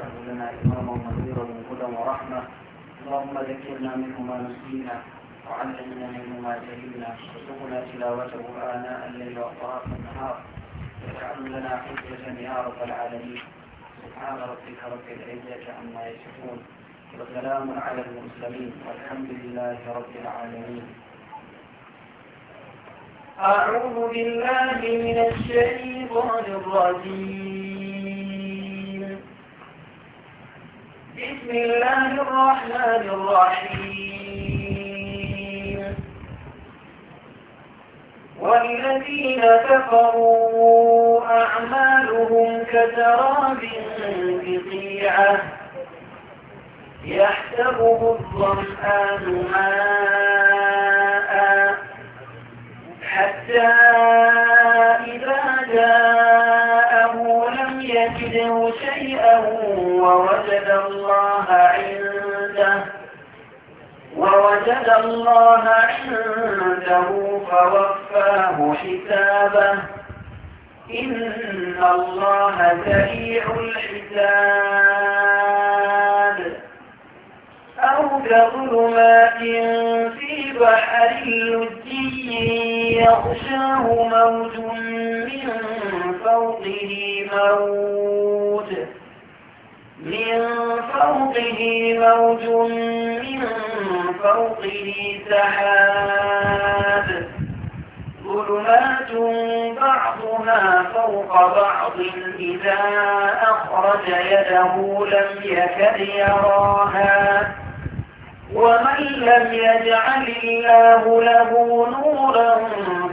واجعله لنا إماما ونذيرا من ورحمة اللهم ذكرنا منه ما نسينا وعلمنا منه ما جهلنا وارزقنا تلاوته آناء الليل وأطراف النهار واجعله لنا حجة يا رب العالمين سبحان ربك رب العزة عما يصفون وسلام على المسلمين والحمد لله رب العالمين أعوذ بالله من الشيطان الرجيم بسم الله الرحمن الرحيم والذين كفروا أعمالهم كتراب بقيعة يحسبه الظمآن ماء حتى إذا جاء يجده شيئا ووجد الله عنده ووجد الله عنده فوفاه حسابه إن الله سريع الحساب أو كظلمات في بحر لجي يغشاه موج من فوقه موج من فوقه موج من فوقه سحاب ظلمات بعضها فوق بعض إذا أخرج يده لم يكد يراها ومن لم يجعل الله له نورا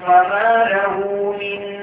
فما له من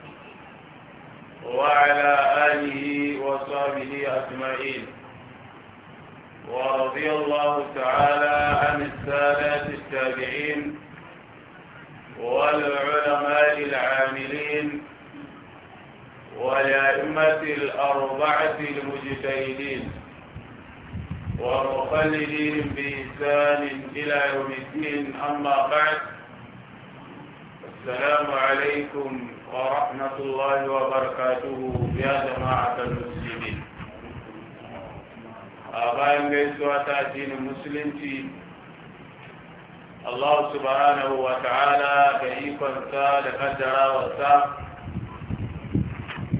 وعلى آله وصحبه أجمعين ورضي الله تعالى عن السادات التابعين والعلماء العاملين والأئمة الأربعة المجتهدين ومخلدين بإحسان إلى يوم الدين أما بعد السلام عليكم ورحمة الله وبركاته يا جماعة المسلمين أبايم بيسوة تأتين المسلمين الله سبحانه وتعالى كيف انسى لقدر وسا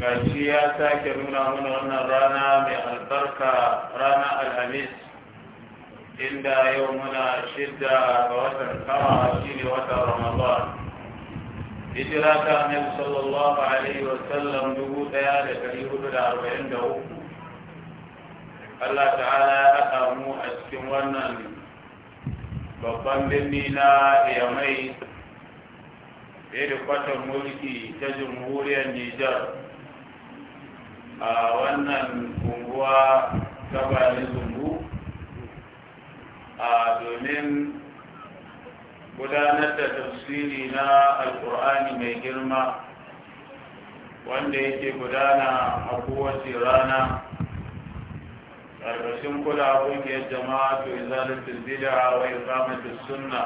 gashi ya sake nuna mana wannan rana mai albarka rana alhamis inda yau muna shidda ga watan kama shine ramadan hijira ta annabi sallallahu alaihi wa sallam dubu daya da dari hudu da arba'in da uku Allah ta'ala ya haɗa mu a cikin wannan babban birni na yamai kwatar mulki ta jamhuriyar nijar a wannan unguwa ta bani zumbu a domin gudanar da tafsiri na alkur'ani mai girma wanda yake gudana a kowace rana ƙarƙashin kula ƙungiyar jama'a to izalatul bid'a wa iqamatus sunna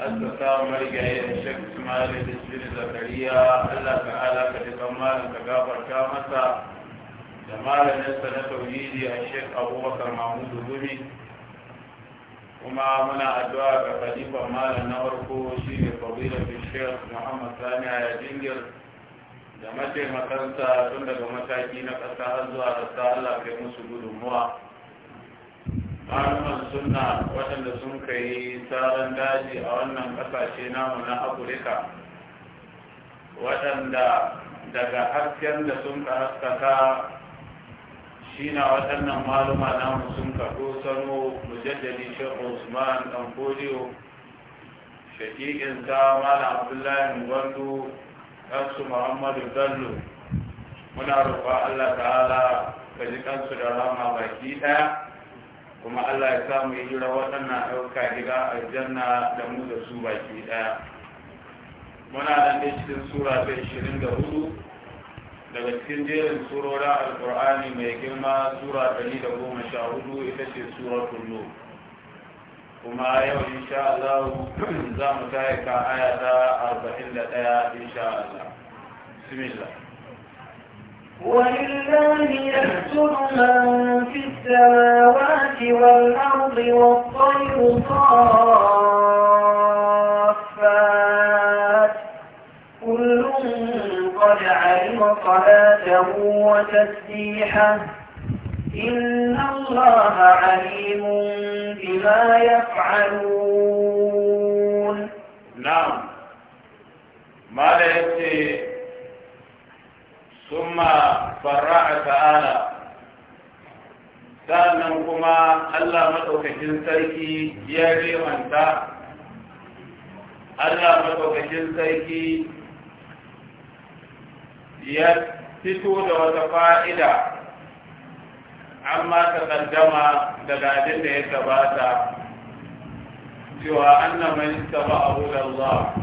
assasa marigayi da shek ismail isbin zakariya allah ta'ala ka dukkan malam ka gafarta masa da malamin sa na tauhidi a shek abubakar mahmudu gumi kuma muna addu'a ga khalifan malam na farko shine fadila sheikh muhammad sani ya jingir da mataimakansa tun daga mataki na ƙasa har zuwa rasta allah kai musu gudunmuwa malaman suna waɗanda sun kai tsaron daji a wannan ƙasashe namu na afirka waɗanda daga hasken da sun ka haskaka shi na waɗannan maluma namu sun kaɗo sano mujaddadi shekhu usman dan kodiyo shakikin mala malam abdullahi gwandu ɗansu muhammadu Dallu. muna roƙa allah ta'ala ka ji kansu da rama baki ɗaya kuma allah ya samu yi jira waɗannan ɗauka gida aljanna da mu da su baki ɗaya muna nan dai cikin sura ta hudu. daga cikin jerin surora alkur'ani mai girma sura 114 ita ce suratul nur kuma yau insha Allah za mu kai ka aya ta 41 insha Allah bismillah ولله يسجد من في السماوات والأرض والطير صار يحفظ صلاته وتسبيحه إن الله عليم بما يفعلون نعم ما ليسي ثم فرع تعالى سألنا كما الله مدعوك جنسيكي يا ريوان تا الله مدعوك جنسيكي ya fito da wata fa'ida amma ta ƙaddama daga abin da ya gabata cewa annan mai saba abu da Allah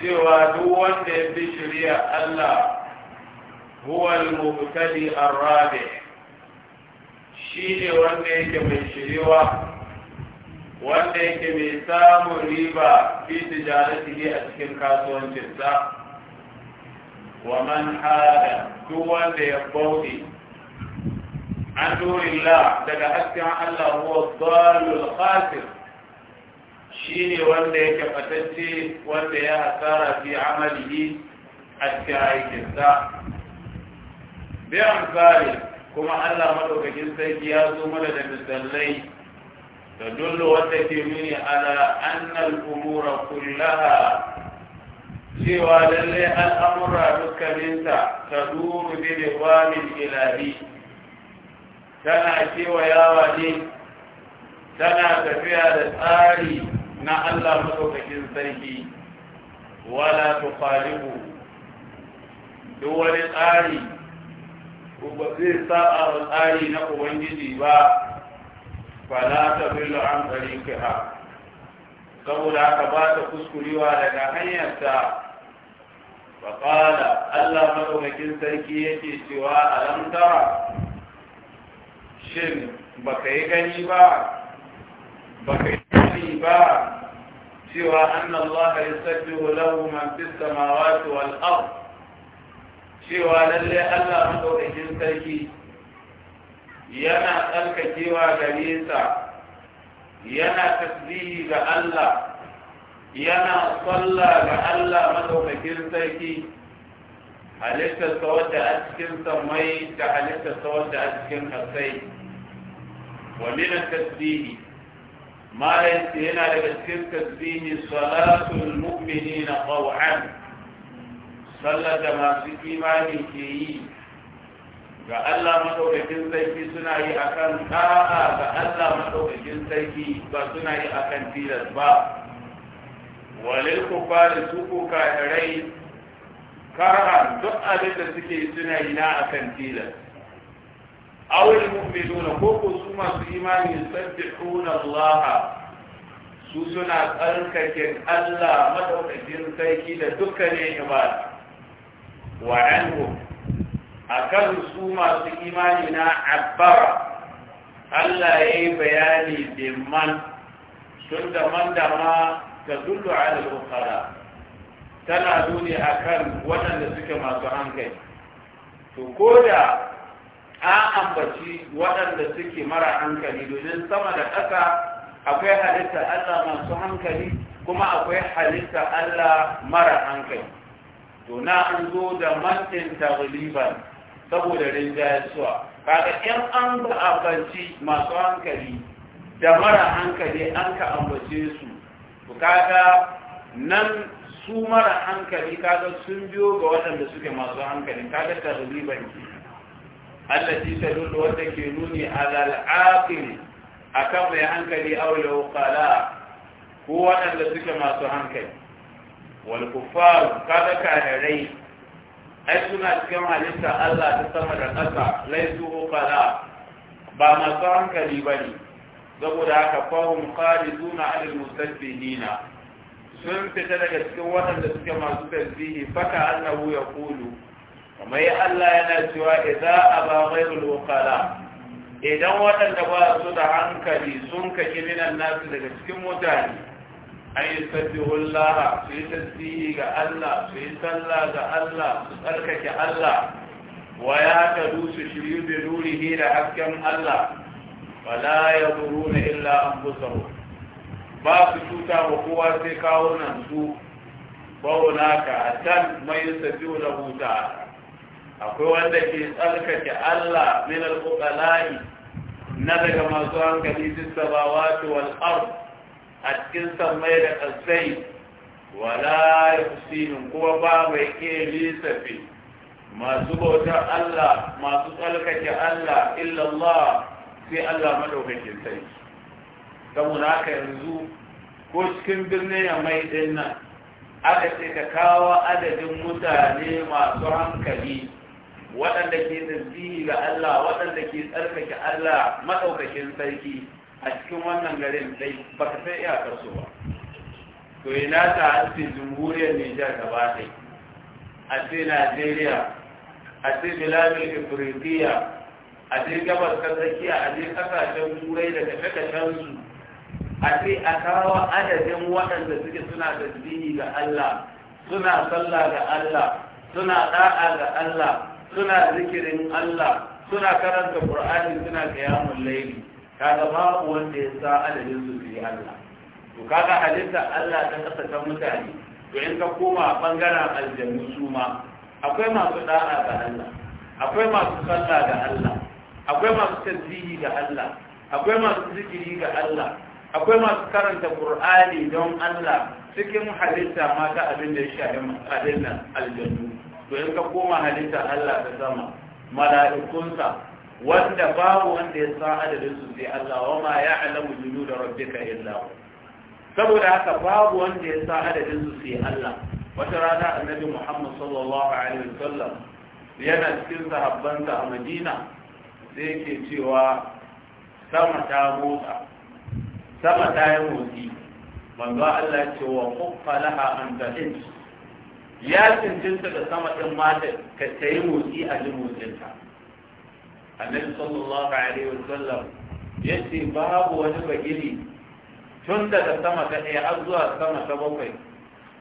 cewa duk wanda ya fi shirya Allah huwal al-mubtadi rabe. Shi ne wanda yake mai shiriwa wanda yake mai samun riba fi tijaratihi a cikin kasuwancinsa wa man hada duk wanda ya bauɗe an durillah daga hasken Allah huwa dalul khasir ne wanda yake fatacce wanda ya hasara fi amalihi a cikin aikinsa bi amsali kuma Allah madaukakin sarki ya zo mana da misalai da wanda ke nuni ala annal umura kullaha cewa lalle al'amura dukkaninta ta duru bi riwanin ilari tana kewayawa ne tana tafiya da tsari na Allah maɗaukakin sarki wala tuqalibu duk wani tsari ba zai sa'a wa tsari na ubangiji ba fala ta billu an tsarikiha saboda haka ba ta kuskurewa daga hanyarta فقال الله مدوكين سركي يتي سوى ألم ترى شن بكي غنيبا بكي غنيبا سوى أن الله يسجه له من في السماوات والأرض سوى للي الله مدوكين سركي yana tsarkakewa gare sa yana tasbihi ga Allah yana tsalla ga Allah madaukakin sarki halittar ta wadda a cikin samai da halittar ta wadda a cikin hasai wa minan tasbihi malayin yana daga cikin tasbihi salatul mu'mini na qaw'an sallar da masu imani ke yi ga Allah madaukakin sarki suna yi akan ta'a ga Allah madaukakin sarki ba suna yi akan tilas ba walil kufari su ko kafirai karhan duk abin da suke suna yi na akan tilas awil mu'minuna ko ko su masu imani yusabbihuna Allah su suna tsarkake Allah madaukakin sarki da dukkanin ibada wa anhum akan su masu imani na abbara Allah ya yi bayani da man tun man da ma تدل على الأخرى تنا دوني أكل وأن سك ما تهانك تقولا أعم بشي وأن سك مرا عنك لدون سما لأكا akwai halitta Allah masu hankali kuma akwai halitta Allah mara hankali to na zo da mantin tagliban saboda rinjayarsuwa kaga in an ga abanci masu hankali da mara hankali an ka ambace su to kaga nan su mara hankali kaga sun biyo ga waɗanda suke masu hankalin kaga tarziban ki ta dole wanda ke nuni alal aqil akan mai hankali aw law qala ko waɗanda suke masu hankali wal kufar kaga rai. ai suna cikin halitta Allah ta sama da ƙasa laisu qala ba masu hankali bane saboda haka fahim na alil musabbihina sun fita daga cikin waɗanda suke masu tasbihi faka annahu wuya Kulu. ya Allah yana cewa idza aba ghayrul uqala idan waɗanda ba su da hankali sun kake minan nasu daga cikin mutane an yi sabbihullah su yi tasbihi ga Allah su yi sallah ga Allah su tsarkake Allah wa ya tadu su shiryu da nurihi da hasken Allah fala ya zuru na illa an ba su cuta wa kowa sai kawo nan su bauna ka a can mai sabi da huta akwai wanda ke tsarkake Allah min al-uqala'i na daga masu hankali duk sabawati wal ard a cikin da kasai wala yusinin kuma ba mai iya lissafi masu bautar Allah masu tsarkake Allah illallah sai Allah madaukakin sai, saboda haka yanzu ko cikin birnin ya mai ɗin nan aka ce ka kawo adadin mutane masu hankali waɗanda ke tasbihi ga Allah waɗanda ke tsarkake Allah maɗaukakin sarki a cikin wannan garin dai ka sai iyakar su ba to ina ta ce jamhuriyar Nijar ba ɗaya a ce Najeriya a ce Bilamin Ifritiya a je gabas ta a je kasashen turai da kashe su a ce a kawo adadin waɗanda suke suna tasbihi ga Allah suna sallah ga Allah suna da'a ga Allah suna zikirin Allah suna karanta Qur'ani suna qiyamul layli kaga babu wanda ya sa adadin su fi Allah to kaga halitta Allah ta kasa ta mutane to in ka koma bangaren aljannu su ma akwai masu da'a ga Allah akwai masu sallah ga Allah akwai masu tasiri ga Allah akwai masu zikiri ga Allah akwai masu karanta Qur'ani don Allah cikin halitta ma ta abin da ya shafi abin nan aljannu to in ka koma halitta Allah ta sama mala'ikunsa wanda babu wanda ya san adadin su sai Allah wa ma ya'lamu junud rabbika illa hu saboda haka babu wanda ya san adadin su sai Allah wata rana annabi Muhammad sallallahu alaihi wasallam yana cikin sa a Madina sai yake cewa sama ta motsa sama ta yi motsi manzo Allah ya ce wa kuffa laha an tahij ya cincinta da sama din mata ka ta yi motsi a ji motsinta annabi sallallahu alaihi wasallam ya ce babu wani bagiri tun daga sama ta ɗaya har zuwa sama ta bakwai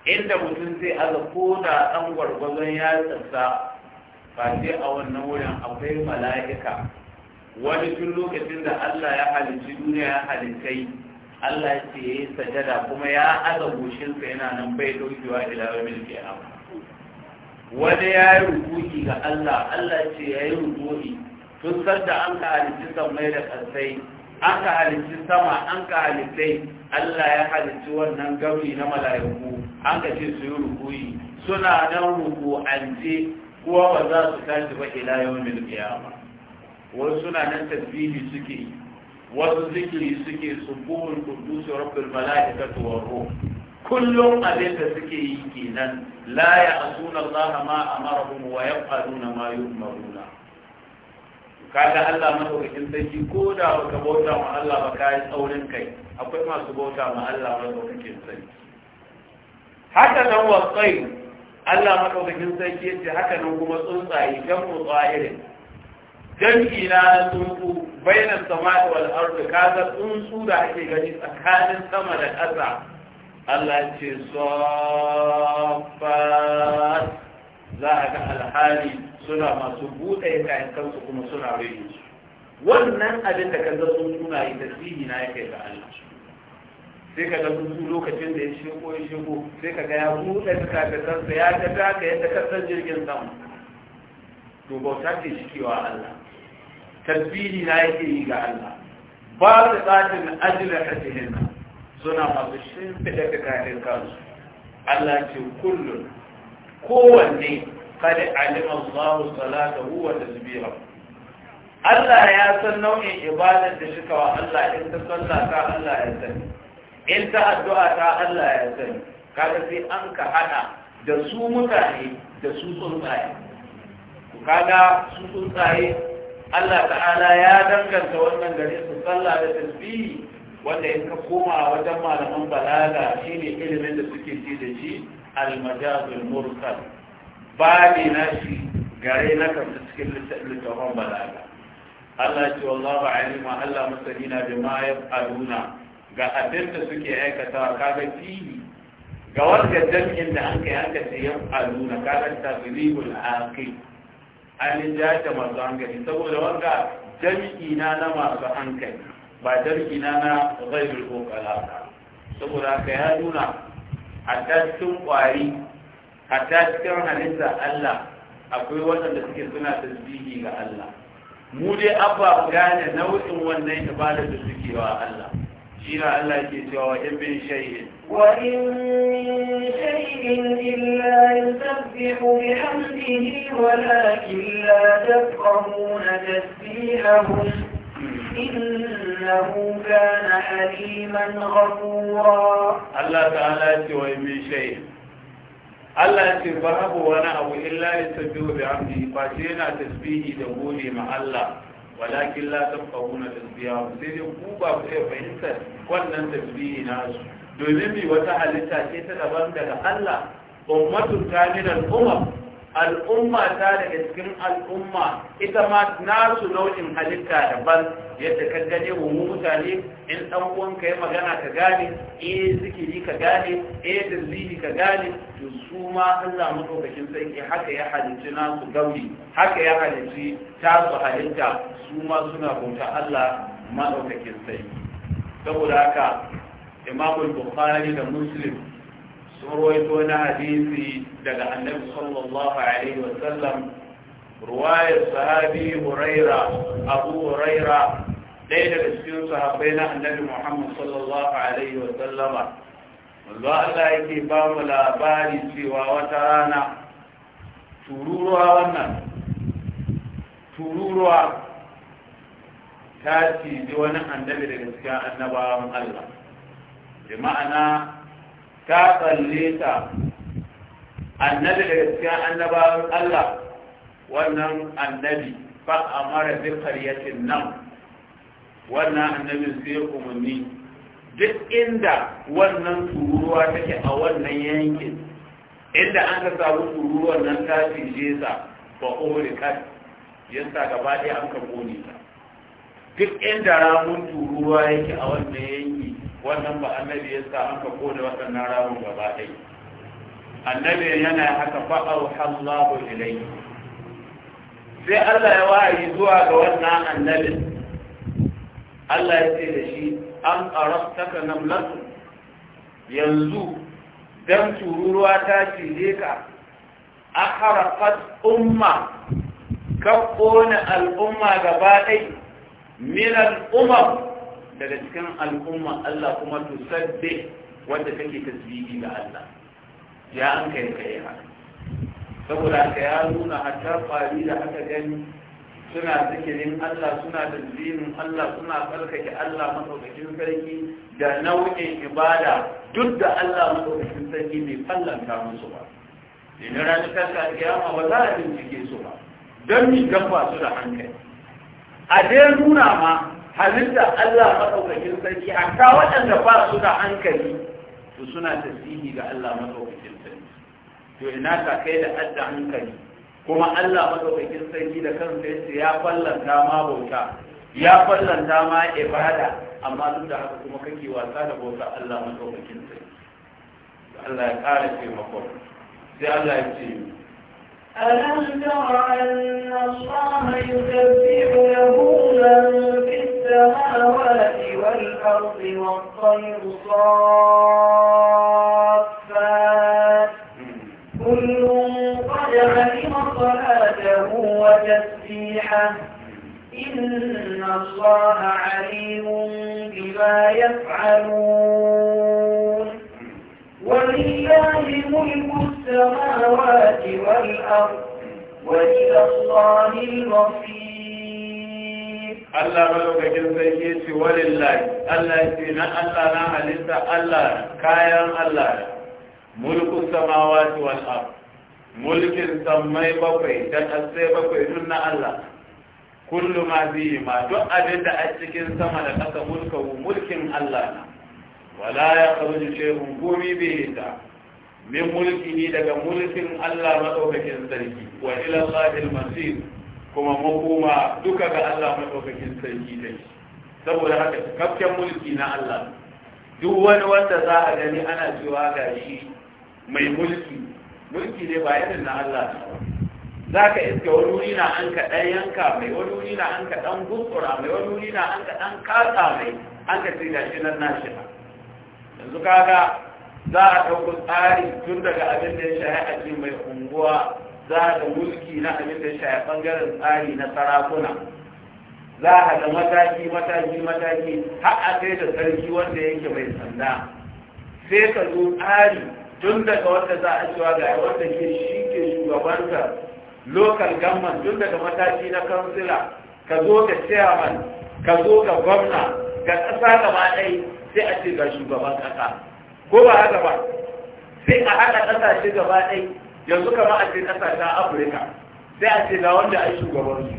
inda mutum zai aza ko da ɗan gwargwazon ya tsatsa ba sai a wannan wurin akwai mala'ika wani tun lokacin da Allah ya halicci duniya ya halinkai Allah ce ya yi sajada kuma ya aza goshinsa yana nan bai ɗaukewa ilawar milki a wani ya yi rukuki ga Allah Allah ce ya yi rukuki tun da an ka halicci sammai da ƙasai an ka halicci sama an ka halittai Allah ya halicci wannan gauri na mala'iku an ka ce su yi rukuki suna nan ruku an ce kuwa ba za su tashi ba ila yawon milki wasu suna tasbihi suke yi wasu zikiri suke subuhul qudus rabbul malaikatu war kullum abin da suke yi kenan la ya'suna Allah ma amarahum wa yaf'aluna ma yu'maruna kaga Allah madaukakin sarki ko da baka bauta ma Allah ba kai tsaurin kai akwai masu bauta ma Allah madaukakin sarki haka nan wasai Allah madaukakin sarki yace haka nan kuma tsuntsaye kan mutsahirin jam'i na na tsuntsu bainan sama'i wal ardi kaga tsuntsu da ake gani tsakanin sama da ƙasa Allah ce sofat za a ga alhali suna masu buɗe kayan kansu kuma suna rage su wannan abin da kan sun suna yi tasiri na yake ga Allah sai ka ga tsuntsu lokacin da ya shigo ya shigo sai ka ga ya buɗe kafatarsa ya ta ka yadda kasar jirgin sama to bauta ce shi kewa Allah tasbihi na yake yi ga Allah ba su na ajiyar nan suna masu shimfiɗa da kayan kansu Allah ce kullum kowanne kada alimar zahu salata huwa da zubira Allah ya san nau'in ibadar da shika wa Allah in ta sallah ta Allah ya sani in ta addu'a ta Allah ya sani Kada sai an ka hada da su mutane da su tsuntsaye kaga su tsuntsaye Allah ta'ala ya danganta wannan gare su sallah da tasbihi wanda in ka koma wajen malaman balaga shine ilimin da suke ci da shi al-majazul mursal Bani na shi gare na kan cikin littafin balaga Allah ce wallahu alima Allah masalina bima yaf'aluna ga abin da suke aikatawa kaga fihi ga wanda jami'in da an kai aka ce yaf'aluna kaga tasribul aqil an linjaya da masu hankali saboda wanga jami'i na na masu hankali ba jami'i na na bilko kokala saboda ka ya nuna a cikin kwari a cikin halitta Allah akwai waɗanda suke suna tasbihi ga Allah mu dai abba gane nau'in wannan ibada da suke wa Allah shi na Allah ke cewa wajen bin shay'in وإن من شيء إلا يسبح بحمده ولكن لا تفقهون تسبيحهم إنه كان حليما غفورا الله تعالى وإن من شيء Allah ce babu wani abu illa ya tabbiwa bi amdi ba ce yana tasbihi da gode ma Allah walakin la tafqahuna tasbihahu sai dai ku ba ku fahimtar wannan tasbihi na su domin mai wata halitta ce ta daban daga Allah ummatu ta min al'umma al'umma ta daga cikin al'umma ita ma nasu nau'in halitta daban yadda ka gane wa mutane in dan uwan ka magana ka gane eh zikiri ka gane eh dalili ka gane to su ma Allah madaukakin sarki haka ya halicci nasu gauri haka ya halicci su halitta su ma suna bauta Allah madaukakin sarki saboda haka imamul bukhari da muslim sun rawaito na hadisi daga annabi sallallahu alaihi wasallam ruwayar sahabi huraira abu huraira ɗaya daga cikin sahabbai na annabi muhammad sallallahu alaihi wasallama wanzu allah yake ba mu labari cewa wata rana tururuwa wannan tururuwa ta ciji wani annabi daga cikin annabawan allah bi ma'ana ka tsalle ta annabi daga cikin annabawan Allah wannan annabi fa amara bi qaryatin nam wannan annabi sai umarni duk inda wannan turuwa take a wannan yankin inda an ka samu turuwar nan ta cije sa fa uhrikat yanta gaba ɗaya an ka kone ta duk inda ramun turuwa yake a wannan yankin wannan ba annabi ya sa an ka koda waɗannan ramun gaba ɗai annabi yana haka fa'au hallahu ilai sai Allah ya wahayi zuwa ga wannan annabin Allah ya ce da shi an arastaka namlatu yanzu dan tururuwa ta cije ka akharaqat umma ka kone al'umma gaba ɗai min daga cikin al'umma Allah kuma tusadde wanda take tasbihi da Allah ya an kai kai haka saboda haka ya nuna hatta kwari da aka gani suna zikirin Allah suna da tasbihin Allah suna tsarkake Allah madaukakin sarki da nau'in ibada duk da Allah madaukakin sarki bai fallanta musu ba idan ranar kasa kiyama ba za a bincike su ba don mi gaba su da hankali a dai nuna ma halitta Allah maɗaukakin sarki hatta waɗanda ba su da hankali to suna tasiri ga Allah maɗaukakin sarki to ina ka kai da adda hankali kuma Allah maɗaukakin sarki da kan yace ya fallanta ma bauta ya fallanta ma ibada amma duk da haka kuma kake wasa da bauta Allah maɗaukakin sarki Allah ya ƙara makon, sai Allah ya ce ألم تر أن الله يسبح له من السماوات والأرض والطير صافات كل قد علم صلاته وتسبيحه إن الله عليم بما يفعلون ولله ملك السماوات والأرض وإلى الله المصير Allah malaukakin sarki ya ce walillahi Allah ya ce na Allah na halitta Allah kayan Allah Mulkin samawati wal ard mulkin samai bakwai da ƙasai bakwai duk na Allah kullu ma bihi ma duk abin da a cikin sama da ƙasa mulkahu mulkin Allah na wala ya kharuju shay'un gumi bihi ta min mulkihi daga mulkin Allah madaukakin sarki wa ila Allahil masir kuma mun koma duka ga Allah maɗaukakin sarki da shi saboda haka cikakken mulki na Allah duk wani wanda za a gani ana cewa ga shi mai mulki mulki ne ba irin na Allah za ka iske wani wuri na an ka ɗan yanka mai wani wuri na an ka ɗan gutsura mai wani wuri na an ka ɗan kasa mai an ka ce gashi nan nashi yanzu kaga za a ɗauko tsari tun daga abin da ya shahara a mai unguwa za da mulki na abin da a bangaren tsari na sarakuna za a da mataki mataki mataki har a kai da sarki wanda yake mai sanda sai ka zo tsari tun daga wanda za a cewa ga wanda ke shi ke shugabanta local government tun daga mataki na kansila ka zo ga chairman ka zo ga gwamna ga ƙasa gaba ɗai sai a ce ga shugaban ƙasa ko ba haka ba sai a haɗa ƙasashe gaba ɗai yanzu kama a ce ƙasa ta afirka sai a ce na wanda a yi shugabansu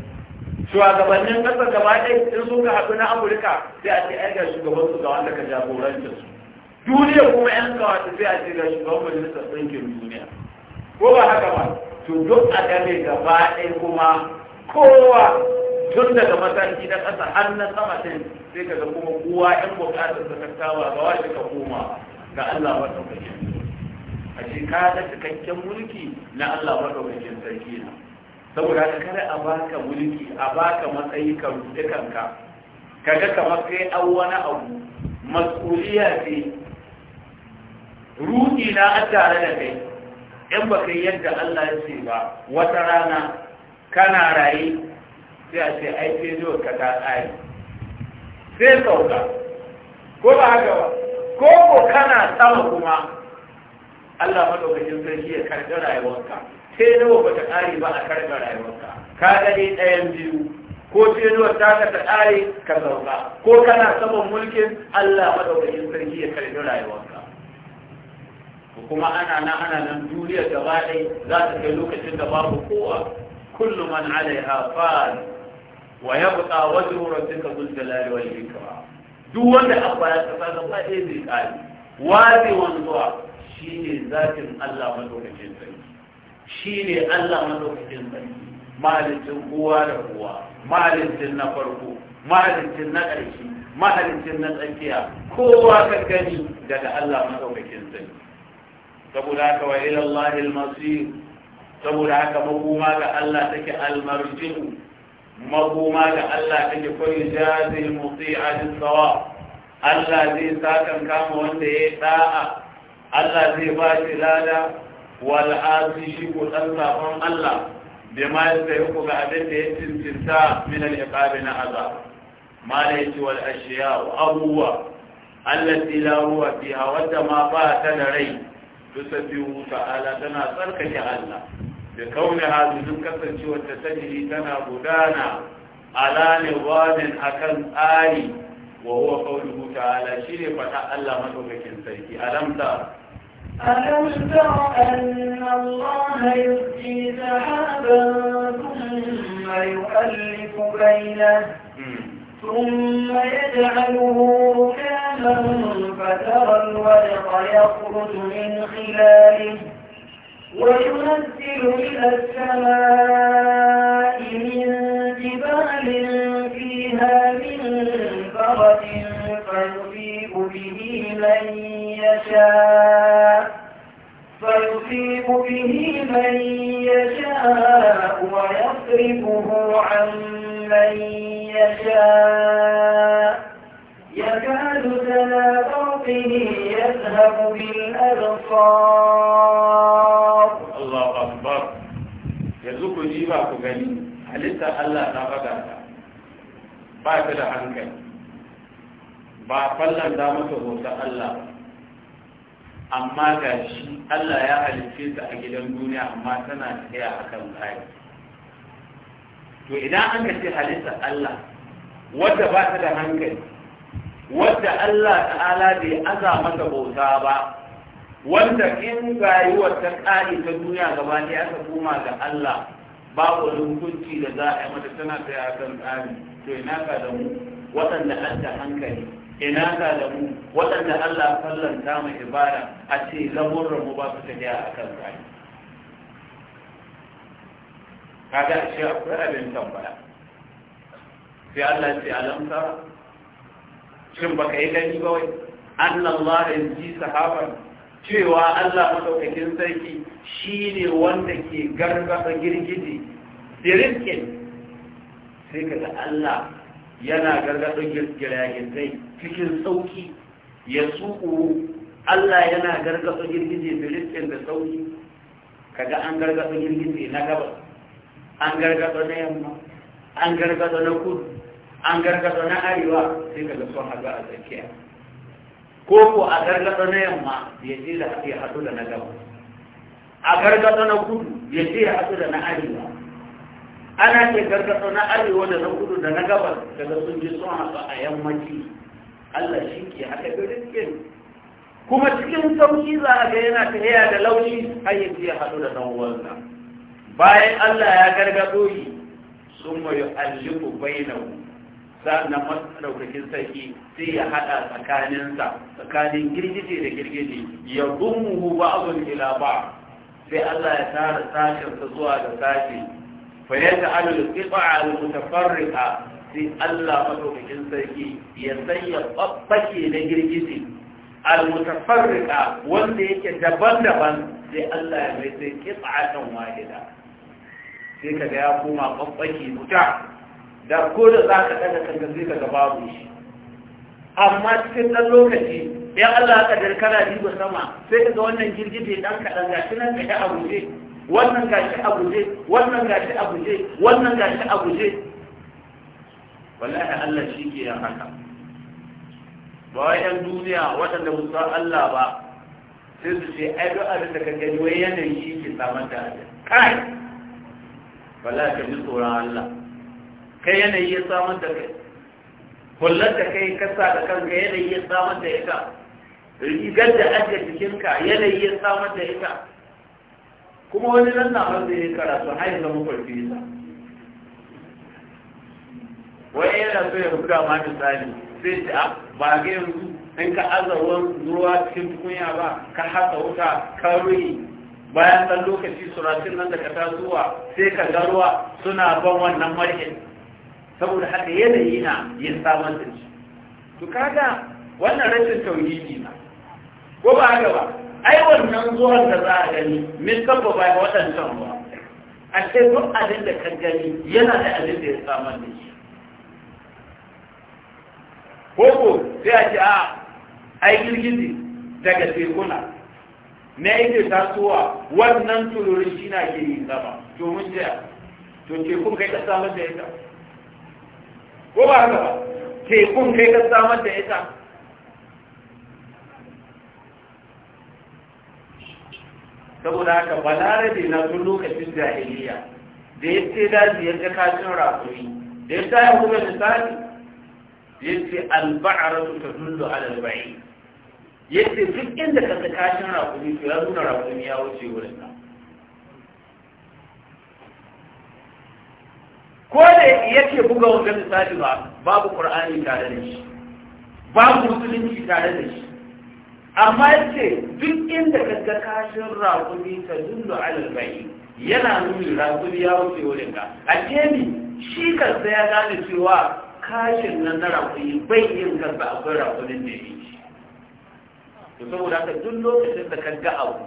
shugabannin ƙasar gaba ɗaya in sun ka haɗu na afirka sai a ce ai ga shugabansu ga wanda ka jagoranta su duniya kuma yan kawata sai a ce ga shugaban majalisar ɗinkin duniya ko ba haka ba to duk a game gaba ɗaya kuma kowa tun daga mataki na ƙasa har na sama ɗin sai ka ga kuma kowa yan buƙatar sakatawa ga wanda ka koma ga Allah maɗaukaki a ce ka da cikakken mulki na Allah madaukakin sarki na saboda haka kada a baka mulki a baka matsayi ka rufe kanka kaga kamar kai an wani abu mas'uliya ce ruɗi na a tare da kai in ba kai yadda Allah ya ce ba wata rana kana raye sai a ce ai sai zuwa ka ta tsari sai sauka ko ba haka ba ko ko kana sama kuma Allah madaukakin sarki ya karɓi rayuwarka sai nawa bata ƙare ba a karɓi rayuwarka ka gani ɗayan biyu ko cewa ta ka ta ƙare ka sauka ko kana saman mulkin Allah madaukakin sarki ya karɓi rayuwarka kuma ana nan ana nan duniya gaba ɗaya za ta kai lokacin da babu kowa kullu man alaiha fan wa yabqa wajhu rabbika dhul jalali wal ikram duk wanda abba ya tsaka gaba ɗaya zai ƙare wazi wanzuwa shi ne zafin Allah madaukakin sarki shi ne Allah madaukakin sarki mahalicin uwa da kowa mahalicin na farko mahalicin na ƙarshe mahalicin na tsakiya kowa ka gani daga Allah madaukakin sarki saboda haka wa ila Allah al-masir saboda haka makoma ga Allah take al-marji'u makoma ga Allah take kulli jazil muti'a lis-sawa Allah zai sakan kama wanda ya da'a Allah zai ba shi lada wal asi shi ko dan safan Allah bima yasai ku ga abin da ya tintinta min al iqabi na azab ma la yati wal ashiya abuwa allati la huwa fiha ma ba ta da rai tusabbihu ta'ala tana tsarkake Allah da kaunaha dukkan kasancewar ta tajiri tana gudana ala nizamin akan tsari wa huwa qawluhu ta'ala ne fata Allah madaukakin sarki alamta ألم تر أن الله يزجي سحابا ثم يؤلف بينه ثم يجعله ركاما فترى الورق يخرج من خلاله وينزل إلى السماء من جبال فيها من فرد فيطلق به من يشاء فيصيب به من يشاء ويصرفه عن من يشاء يكاد سنا برقه يذهب بالأبصار الله أكبر يزوك جيبا كغني هل أنت الله نغدا باك لحنكي ba fallon da mata bauta Allah amma ga shi Allah ya halice ta a gidan duniya amma tana tsaya a kan tsari to idan an ka ce halitta Allah wadda ba ta da hankali wadda Allah ta'ala bai aza mata bauta ba wanda in rayuwar ta ƙari ta duniya gaba ɗaya aka koma ga Allah babu wani hukunci da za a yi mata tana tsaya a kan tsari to ina ka da mu waɗanda an da hankali ina ka da mu waɗanda Allah sallanta mu ibada a ce lamurran mu ba su tafiya a kan kai kaga shi akwai abin tambaya sai Allah ce alamta shin baka yi gani ba wai annallahu ji sahaban cewa Allah madaukakin sarki shine wanda ke gargaba girgije da rizkin sai kaga Allah yana gargadin zai cikin sauki ya suku Allah yana gargadin girgije filistin da sauki kaga an gargadin girgije na gabas an gargado na yamma an gargado na kudu an gargado na arewa sai ga sun haɗu a tsakiya ko ko a gargado na yamma ya ce da ya haɗu da na gabas a gargado na kudu ya ce ya haɗu da na arewa ana ce gargaɗo na arewa da na kudu da na gabas daga sun ji sun haɗu a yammaci Allah shi ke haka da kuma cikin sauƙi za a ga yana tafiya da laushi, har yanzu haɗu da ɗan wanda bayan Allah ya gargaɗo shi sun mayu alliku bainahu sannan maɗaukakin sarki sai ya haɗa tsakaninsa tsakanin girgije da girgije ya ba abin ila ba sai Allah ya tara sashensa zuwa da sashe fa yadda alul a al sai Allah sarki ya sanya babbake na girgizi wanda yake daban-daban sai Allah ya da ko da ka ɗaga kanka babu shi amma cikin ɗan lokaci ya Allah ka kana diba sama sai ka ga wannan girgije ɗan kaɗan ga shi nan ka yi abu wannan gashi a guje wannan gashi a guje wannan gashi a guje wallahi Allah shi ke yan haka ba wai yan duniya waɗanda ba san Allah ba sai su ce ai duk abin da ka gani wai yanayin shi ke samar da abin kai wallahi ka ji tsoron Allah kai yanayi ya samar da kai Kullum da kai sa da kanka yanayi ya samar da ita rigar da aka jikinka yanayi ya samar da ita kuma wani nan na wanda ya karatu har ya zama farfesa wani yana so ya buga ma misali sai ta ba ga yanzu in ka aza ruwa cikin tukunya ba ka haka wuta ka ruri bayan ɗan lokaci suratun nan da ka tasowa sai ka ga ruwa suna ban wannan marhin saboda haka yanayi na yin samun da shi to kaga wannan rashin tauhidi na ko ba haka ba ai wannan zuwan da za a gani min kafa ba waɗancan ba a ce duk abin da ka gani yana da abin da ya samar da shi koko sai a ce a ai girgizi daga tekuna na yake tasowa wannan tururin shi na ke yi zama to mun jiya to tekun kai ka samar da ita ko ba haka ba tekun kai ka samar da ita saboda haka balarabe na tun lokacin jahiliya da ya ce daji ya ga kacin rakuri da ya da kuma misali ya ce alba'ar su ta a alalba'i ya ce duk inda ka ta kacin rakuri to ya nuna rakuri ya wuce wurin nan ko da yake buga wanda misali ba babu ƙur'ani tare da shi babu musulunci tare da shi amma ce duk inda kaga kashin raƙumi ka dullu alal bai yana nuni raƙumi ya wuce wurin ka a ni shi kansa ya gane cewa kashin nan na raƙumi bai yin kansa akwai raƙumin da ya yi to saboda haka duk lokacin da kaga abu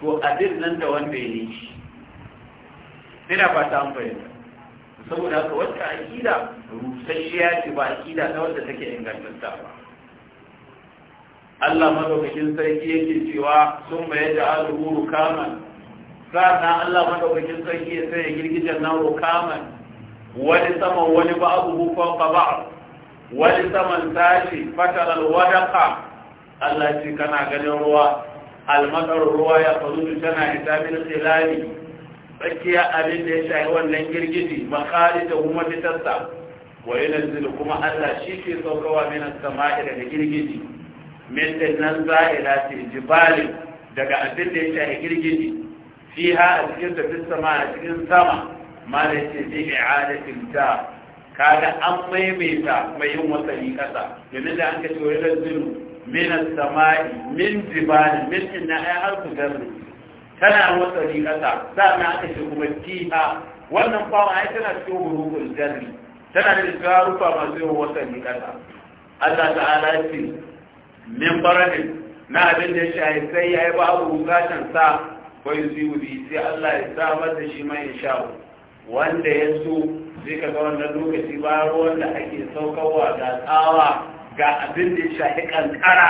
to a din nan da wanda ya yi shi ina ba ta amfani saboda haka wata aƙida rusasshiya ce ba akida ta wanda take ingantatta Allah madaukakin sarki yake cewa sun mai da alhuru kaman sa'an Allah madaukakin sarki ya sai girgijen na rukaman wani sama wani ba abu hukon ba wani saman tashi fatar alwadaka Allah ce kana ganin ruwa almatsar ruwa ya faru tana ita min tsilani tsakiya abin da ya shayi wannan girgiji makari da kuma fitarsa wa yanzu kuma Allah shi ke saukawa min sama'i daga girgiji min din nan za'ila ce jibalin daga abin da ya shahi girgiji ha a cikin da sama a cikin sama ma da ce bi i'adatin ta kaga an maimaita mai yin wasali kasa domin da an kace wani razzulu min samai min jibalin min inna ay harfu jarri tana wasali kasa sannan aka ce kuma ha. wannan fama ai tana cikin hurufun jarri tana da tsarufa masu yin wasali kasa Allah ta'ala ce min baradin na abin da shi sai ya yi babu gashin sa bai su yi sai Allah ya samar da shi mai Allah wanda yanzu zai ka ga wannan lokaci ba ruwan da ake saukarwa ga tsawa ga abin da ya shafi kankara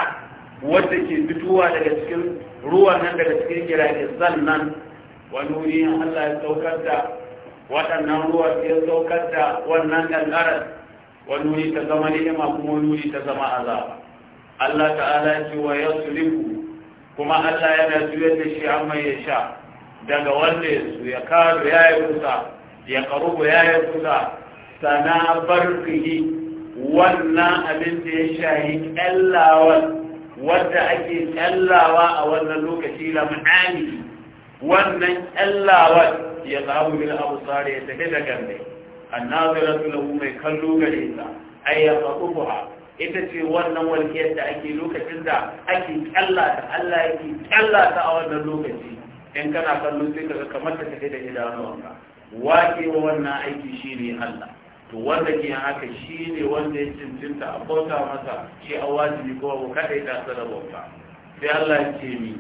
wanda ke fitowa daga cikin ruwan nan daga cikin girage sannan wani wuri Allah ya saukar da waɗannan ruwa ya saukar da wannan kankara wani wuri ta zama ni'ima kuma wani wuri ta zama azaba Allah ta'ala ce wa yasrifu kuma Allah yana juyar da shi amma ya sha daga wanda ya su ya kado ya yi kusa ya karubu ya yi kusa sana barkihi wannan abin da ya shahi kyallawan wadda ake kyallawa a wannan lokaci lamani wannan kyallawan ya zahu bil absar ya tafi da gambe annaziratu lahu mai kallo gare ta ay yaqtuha ita ce wannan walƙiyar da ake lokacin da ake kyalla ta Allah yake kyalla ta a wannan lokaci in kana kallo sai kaga kamar ta tafi da idanuwanka wake wa wannan aiki shi ne Allah to wanda ke haka ne wanda ya cincinta a bauta masa shi a wajibi ko ba kada ya da bauta sai Allah ya ce mi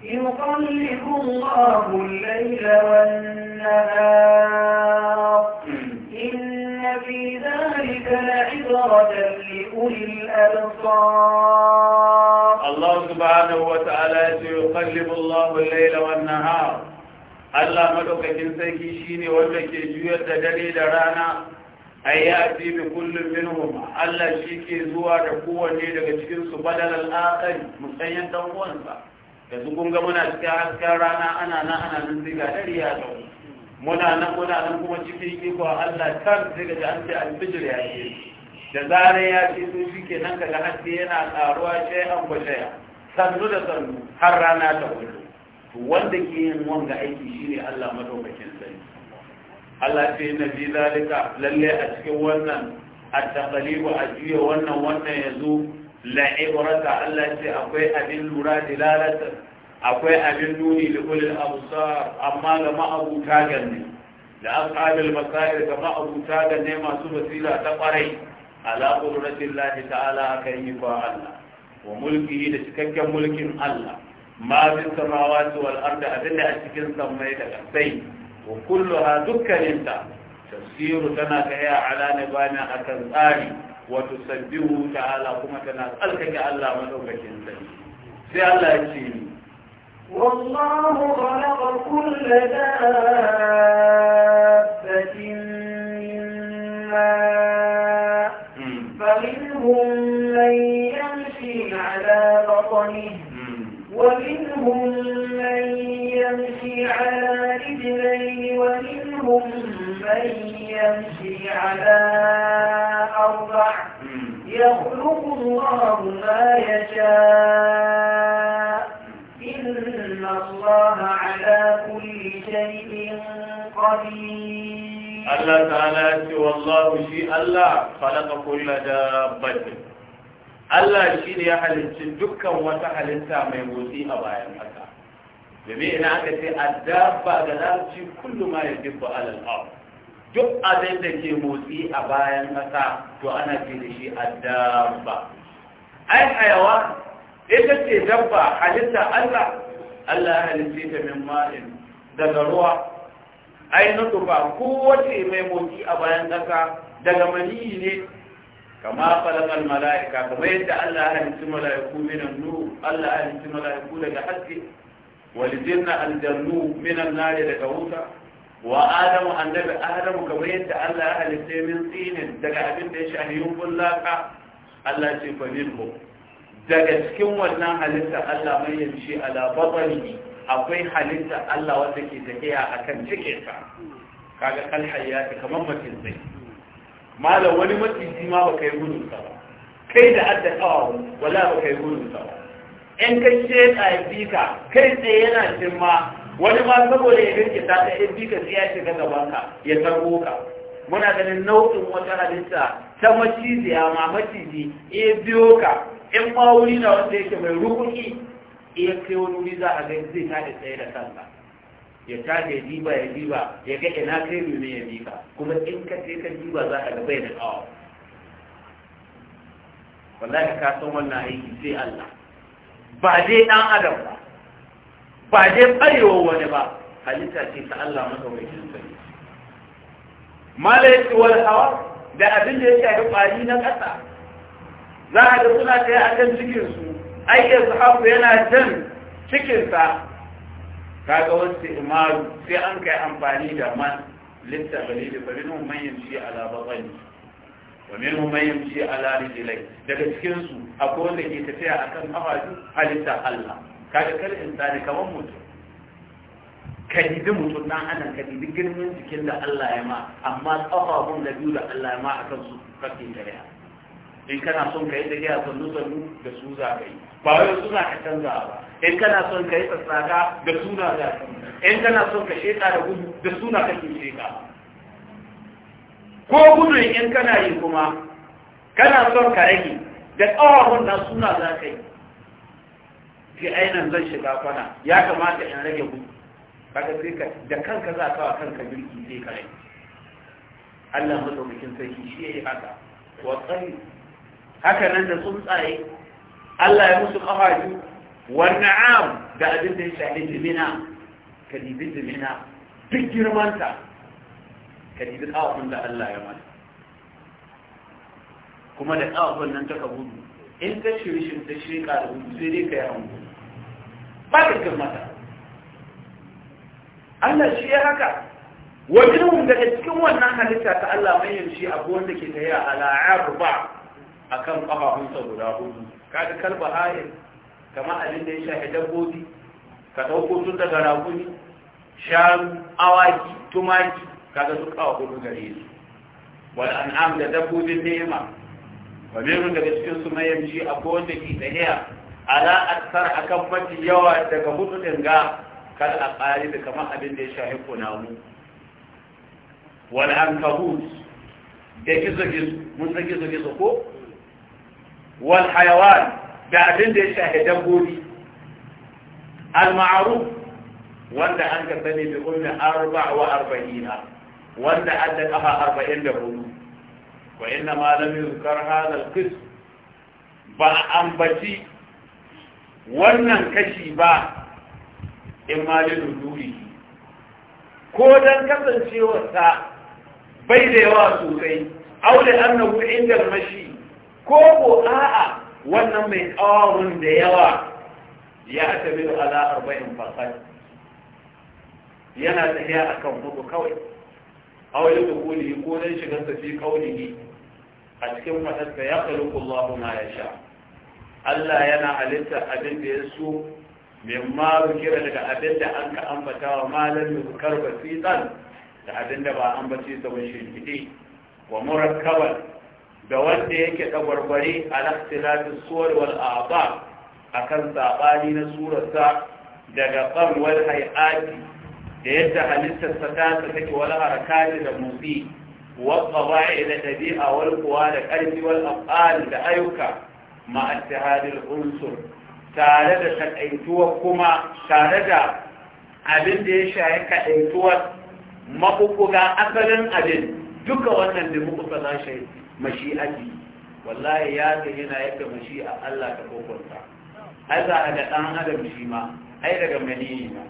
يقلب الله الليل والنهار hmm. إن في ذلك لعبرة لأولي الأبصار الله سبحانه وتعالى يقلب الله الليل والنهار Allah madaukakin sarki shine wanda ke juyar da dare da rana ai ya fi bi kullum minhum Allah shi ke zuwa da kowanne daga cikin su badal al-akhir musayan dan uwansa yanzu kun ga muna cikin hasken rana ana nan ana nan sai ga dare ya dawo muna nan muna nan kuma cikin iko Allah kan sai ga an ce alfijir ya ce da zarar ya ce su shike nan kaga haske yana karuwa sai an gwashaya sannu da sannu har rana ta wuce wanda ke yin wanga aiki shine Allah madaukakin sani Allah ce na fi zalika lalle a cikin wannan at-taqlibu ajiya wannan wannan yazo la ibrata Allah ce akwai abin lura dilalata akwai abin nuni da ulil absar amma ga ma'abuta ganne da ashabil masair ga ma'abuta ganne masu basira ta kwarai ala qudratillahi ta'ala akan yi kwa Allah wa mulkihi da cikakken mulkin Allah ma fi samawati wal ardi abinda a cikin sammai da kasai wa kulluha dukkaninta tafsiru tana kaya ala nabana akan tsari wa tusabbihu ta'ala kuma tana tsalkake Allah madaukakin sarki sai Allah ya ce ni والله خلق كل دابة من فمنهم من يمشي على بطنه ومنهم من يمشي على رجلين ومنهم من يمشي على أربع يخلق الله ما يشاء إن الله على كل شيء قدير Allah ta'ala ce wallahu shi Allah khalaqa da dabbatin Allah shi ne ya halicci dukkan wata halinta mai motsi a bayan haka domin ina aka ce addabba ga larabci kullum ma yadibbu alal ard duk abin da ke motsi a bayan haka to ana ce da shi a addabba ai hayawa ita ce dabba halitta Allah Allah ya halitta ta min ma'in daga ruwa ai ko kowace mai motsi a bayan ƙasa daga maniyi ne kama falakal mala'ika kamar yadda Allah ya halitta mala'iku minan nu Allah ya halitta mala'iku daga haske wal jinna aljannu minan nar daga wuta wa adamu annabi adamu kamar yadda Allah ya halitta min tsinin daga abin da ya shahi yumbun laka Allah ce fa minhu daga cikin wannan halitta Allah mai yanci ala babari akwai halitta Allah wanda ke tafiya akan cikinsa kaga ya ta kamar mutum zai malam wani maciji ma baka yi gudun sa ba kai da adda kawawa wala baka yi gudun sa ba in ka ce ka yi kai tsaye yana cin ma wani ma saboda ya ganke ta ta yin bika sai ya shiga gaban ka ya tarbo ka muna ganin nau'in wata halitta ta maciziya ma maciji ya biyo ka in ma wuri na wanda yake mai rukuki iya kai wani wuri za a gani zai tada tsaye da kansa ya tada ya diba ya diba ya ga ina kai mai ya diba kuma in ka je ka diba za a ga bai da kawo wallahi ka san wannan aiki sai Allah ba dai dan adam ba ba dai barewa wani ba halitta ce ta Allah da sarki malai wal hawa da abin da ya shafi kwari na ƙasa za a ga suna tsaye a kan cikinsu ai su haku yana jan cikinsa Ta ga wasu imaru sai an kai amfani da man litta balili fa minhum man yamshi ala batni wa minhum manyan yamshi ala rijlai daga cikinsu su akwai wanda ke tafiya akan kafaju halitta Allah kaga kar insani kamar mutum kadidi mutum dan adam kadidi girman jikin da Allah ya ma amma kafafun da biyu da Allah ya ma akan su kake tare in kana son ka yi tafiya sannu sannu da su za ka yi ba wai suna ka canza ba in kana son ka yi tsatsaka da suna za ka yi in kana son ka sheka da gudu da suna kake sheka ko gudun in kana yi kuma kana son ka rage da tsawon na suna za ka yi fi ainihin zan shiga kwana ya kamata in rage gudu kaga sai ka da kanka za ka wa kanka birki sai ka rage Allah madaukakin sarki shi ya yi haka wa tsari haka nan da tsuntsaye Allah ya musu kafa biyu wani am da abin da ya shafi jimina ka dibi jimina duk girmanta ka dibi kawafin da Allah ya mata kuma da ƙawafin nan ta ka gudu in ta shirishin ta shirika da gudu sai dai ka yi hangu ba ka girmata Allah shi ya haka wajen daga cikin wannan halitta ta Allah mai yamshi abu wanda ke ta yi a ala'ar akan ƙafafunsa guda hudu kaga kalba ayin kamar abin da ya shafi dabbobi ka dauko tun daga rakuni shanu awaki tumaki kaga su kawo hudu gare su wal an'am da dabbobin ni'ima wa min daga cikin su mai yamshi akwai wanda ke tsahiya ala a akan mafi yawa daga hudu din ga kal aqari da kamar abin da ya shafi kunamu wal ankabut da gizo gizo mun san gizo gizo ko wal da abin da ya shahi dabbobi al ma'ruf wanda an ka sani bi ummi arba wa arba'ina wanda an da kafa arba'in da hudu wa inna ma lam yuzkar hadha al qism ba ambaci wannan kashi ba in ma liluduri ko don kasancewarsa bai da yawa sosai aure annahu inda mashi ko ko a'a wannan mai tsawon da yawa ya tabi ala arba'in fasal, yana tafiya akan hudu kawai awalin da kuli ko dan shigar sa fi kaulihi a cikin fadarsa ya kalu Allahu ma ya sha Allah yana halitta abin da ya so mimma kira daga abin da an ka ambata wa malam yuzkar basitan da abin da ba ambace ta wani shirkide wa murakkaban da wanda yake dagwargware a lakhtilafis suwar wal a kan saɓani na surarsa daga qan wal da yadda halittar sa take wal harakati da mutsi wa qawa'i da dabi'a wal da ƙarfi wal af'al da ayyuka ma ittihadil unsur tare da takaituwa kuma tare da abin da ya shaye kaɗaituwar maɓuɓɓuga asalin abin duka wannan da muku sana shi mashi'ati wallahi ya ta yana yadda mashi'a Allah ta kokonta ai za a ga ɗan adam shi ma ai daga manini ma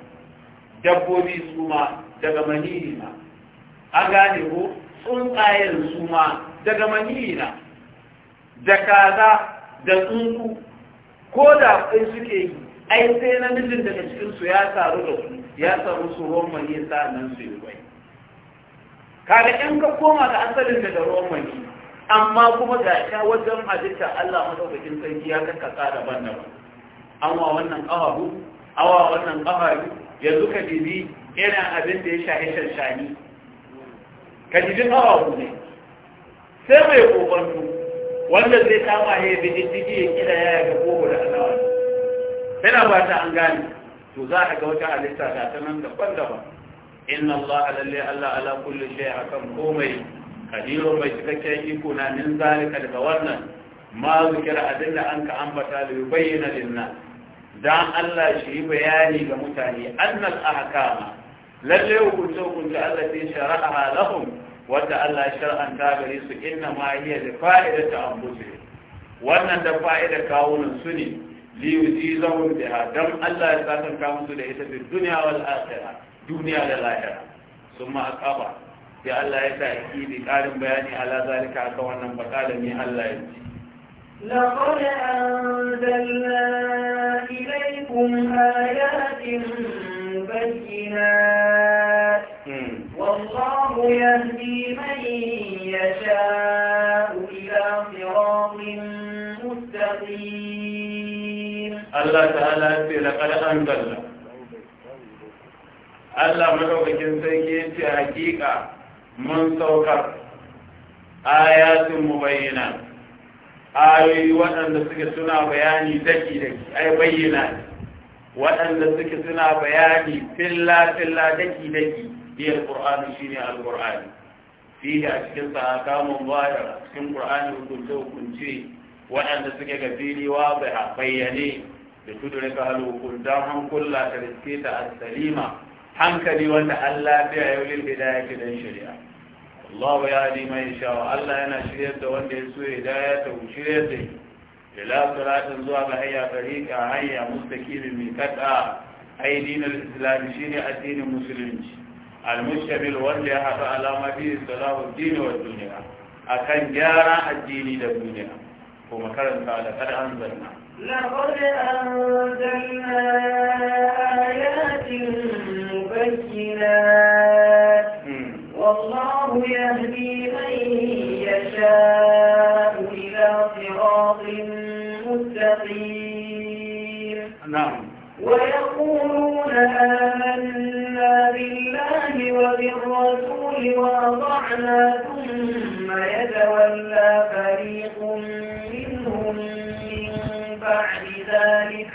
dabbobi su ma daga manini ma an gane ko tsuntsayen su ma daga manini na da kaza da tsuntsu ko da kai suke yi ai sai na mijin daga cikin su ya taru da su ya taru su ruwan mani sa nan su yi kwai kaga in ka koma ga asalin da ruwan mani amma kuma ga ta wajen halitta Allah madaukakin sarki ya kakkasa daban daban an wa wannan ƙaharu awa wannan ƙaharu yanzu ka dibi yana abin da ya shahe shanshani ka dibi ƙaharu ne sai mai kokonto wanda zai kama ya bi diddigi ya kira ya ga koko da alawa yana ba ta an gane to za a ga wata halitta ta nan daban daban inna Allah alalle Allah ala kulli shay'in akan komai kadirun mai cikakken iko na min zalika daga wannan ma zikira abin da an ka ambata da bayyana linna dan Allah shi yi bayani ga mutane annal ahkama lalle hukunce hukunce Allah sai shara'a lahum wanda Allah shar'an ta gare su inna ma hiya da fa'ida ta ambusi wannan da fa'ida kawunan su ne li yuzizahum biha dan Allah ya sakan ka su da ita fi wal akhirah duniya da lahira summa aqaba sai Allah ya ta'ki bi karin bayani ala zalika akan wannan bakala ne Allah ya ce لقد أنزلنا إليكم آيات مبينات والله يهدي من يشاء إلى صراط مستقيم الله تعالى لقد أنزلنا Allah madaukakin sarki ya ce hakika mun saukar ayatin mubayyana ayoyi waɗanda suke suna bayani daki daki ai bayyana waɗanda suke suna bayani filla filla daki daki biyar qur'ani shine alqur'ani fihi a cikin sa kamun bayar cikin qur'ani hukunce hukunce waɗanda suke ga fili wa bayyane da tudurka hal hukunta hankula ta riske ta as-salima hankali wanda Allah ya yi gida ya gidan shari'a Allah ya hadi mai shawa Allah yana shiryar da wanda ya so hidayah ta shiryar da ila siratin zuwa ga hayya tariqa hanya mustaqimin min kada ai dinin islam shine addinin musulunci al-mushtamil wanda ya haɗa alama bi salahu dini wa duniya akan gyara addini da duniya kuma karanta da kada an laqad anzalna ayatin البينات والله يهدي من يشاء إلى صراط مستقيم نعم ويقولون آمنا بالله وبالرسول وأطعنا ثم يتولى فريق منهم من بعد ذلك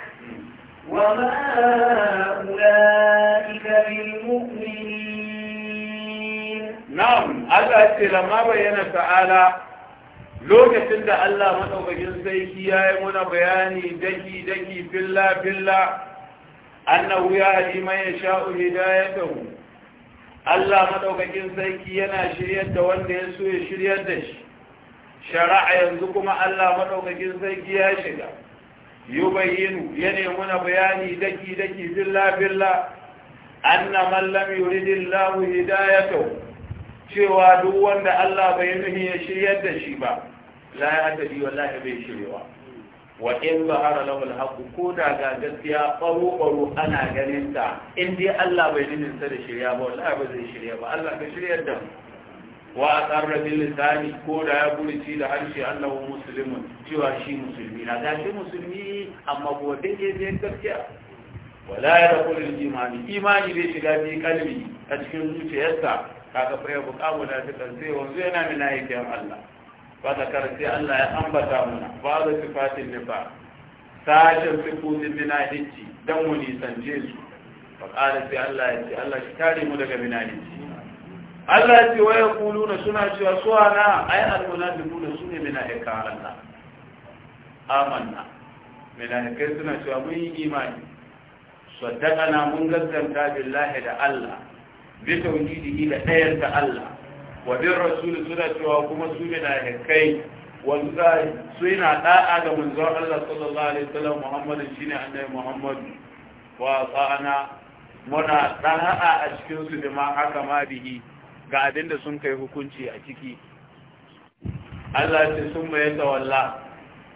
وما أولئك بالمؤمنين نعم الله لما بين تعالى lokacin da Allah maɗaukakin sarki ya yi muna bayani daki daki filla filla annahu ya hadi man yasha'u hidayatahu Allah maɗaukakin sarki yana shiryar da wanda ya so ya shiryar da shi shari'a yanzu kuma Allah maɗaukakin sarki ya shiga yubayyinu ya nemi na bayani daki daki billa billa anna man lam yuridillahu hidayatahu cewa duk wanda Allah bai nuhi ya shiryar da shi ba la ya tadi wallahi bai shiryawa wa in zahara lahu alhaq ko da ga gaskiya baro baro ana ganin ta in dai Allah bai nuhi sa da shirya ba wallahi ba zai shirya ba Allah ka shiryar da mu wa aqarra bil lisani ko da ya burci da harshe annahu muslimun cewa shi musulmi na da shi musulmi amma ko da ke zai gaskiya wala ya kullu imani imani bai shiga bi kalbi a cikin zuciyarsa kaga fa ya mu da dukan sai wanzu yana mai yakin Allah fa sai Allah ya ambata mu ba da sifatin nifa sashin sifofin mina hicci dan mu nisanje su fa qala sai Allah ya ce Allah shi tare mu daga mina hicci Allah ce wa ya kulu na suna cewa suwa na ai almunafiku na su ne minahika Allah amanna minahikai suna cewa mun yi imani na mun gaskanta billahi da Allah bi tauhidihi da ɗayar ta Allah wa bin rasul suna cewa kuma su minahikai wanda su yana da'a ga manzon Allah sallallahu alaihi wasallam Muhammadu shine annabi Muhammadu. wa sa'ana muna da'a a cikin su da ma haka ma bihi ga abin da sun kai hukunci a ciki Allah ce sun mai tawalla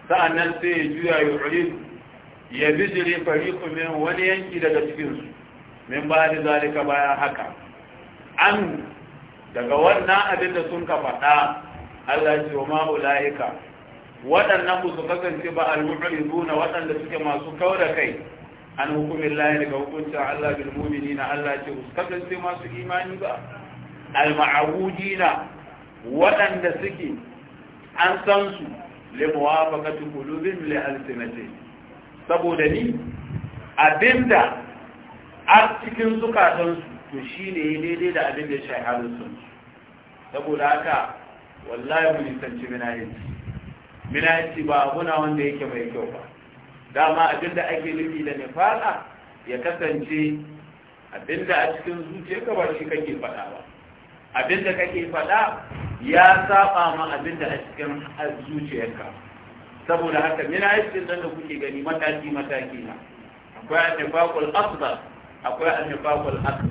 sa'annan sai ya juya yurid ya bijire fariqu min wani yanki daga cikin su min ba da zalika bayan haka an daga wannan abin da sun ka faɗa Allah ce wa ma'ulaika waɗannan ku su kasance ba al-mu'riduna waɗanda suke masu kaura kai an hukumin lahi daga hukuncin Allah mumini na Allah ce su kasance masu imani ba al-ma'abudina waɗanda suke an san su le muwafaqati qulubin li alsinati saboda ni abinda a cikin zukatan su to shine daidai da abinda ya shahi halin su saboda haka wallahi mun nisanci minahinci minahinci ba abuna wanda yake mai kyau ba dama abinda ake nufi da nifaqa ya kasance abinda a cikin zuciyarka ba shi kake faɗa ba Abinda kake faɗa ya saba ma abinda a cikin zuciyarka saboda haka mina cikin nan da kuke gani mataki mataki na akwai annifaqul akbar akwai akbar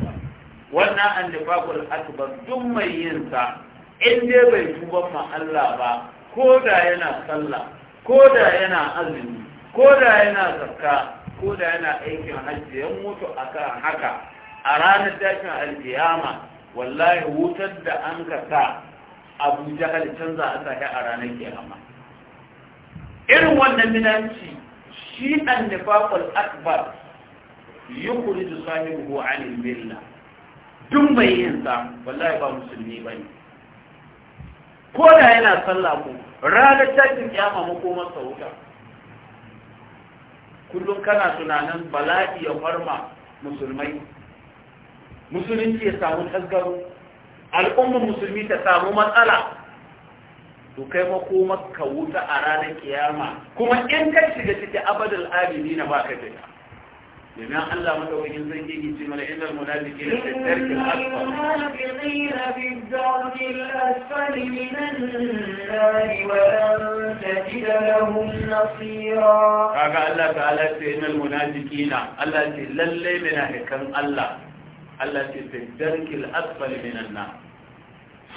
wannan annifaqul akbar duk mai yin sa in dai bai tuba ma Allah ba ko da yana sallah ko da yana azumi ko da yana zakka ko da yana aikin hajji ya mutu akan haka a ranar tashin alkiyama wallahi wutar da an ka sa abu jahal canza a sake a ranar kiyama irin wannan minanci shi an nifaqul akbar yukhrij sahibu an al-milla duk mai yin sa wallahi ba musulmi bane ko da yana sallah ko ranar tashin kiyama ko masa wuta kullum kana tunanin bala'i ya farma musulmai musulunci ya samu tasgaro al'ummar musulmi ta samu matsala to kai makoma ka wuta a ranar kiyama kuma in ka shiga cikin abadul abidi na baka fita domin Allah madaukakin zan yi ce mana inda munafiki na tattarki alfa kaga Allah ta halatta inal munafiqina Allah ce lalle munafikan Allah Allah ce fi darkil asfal minan na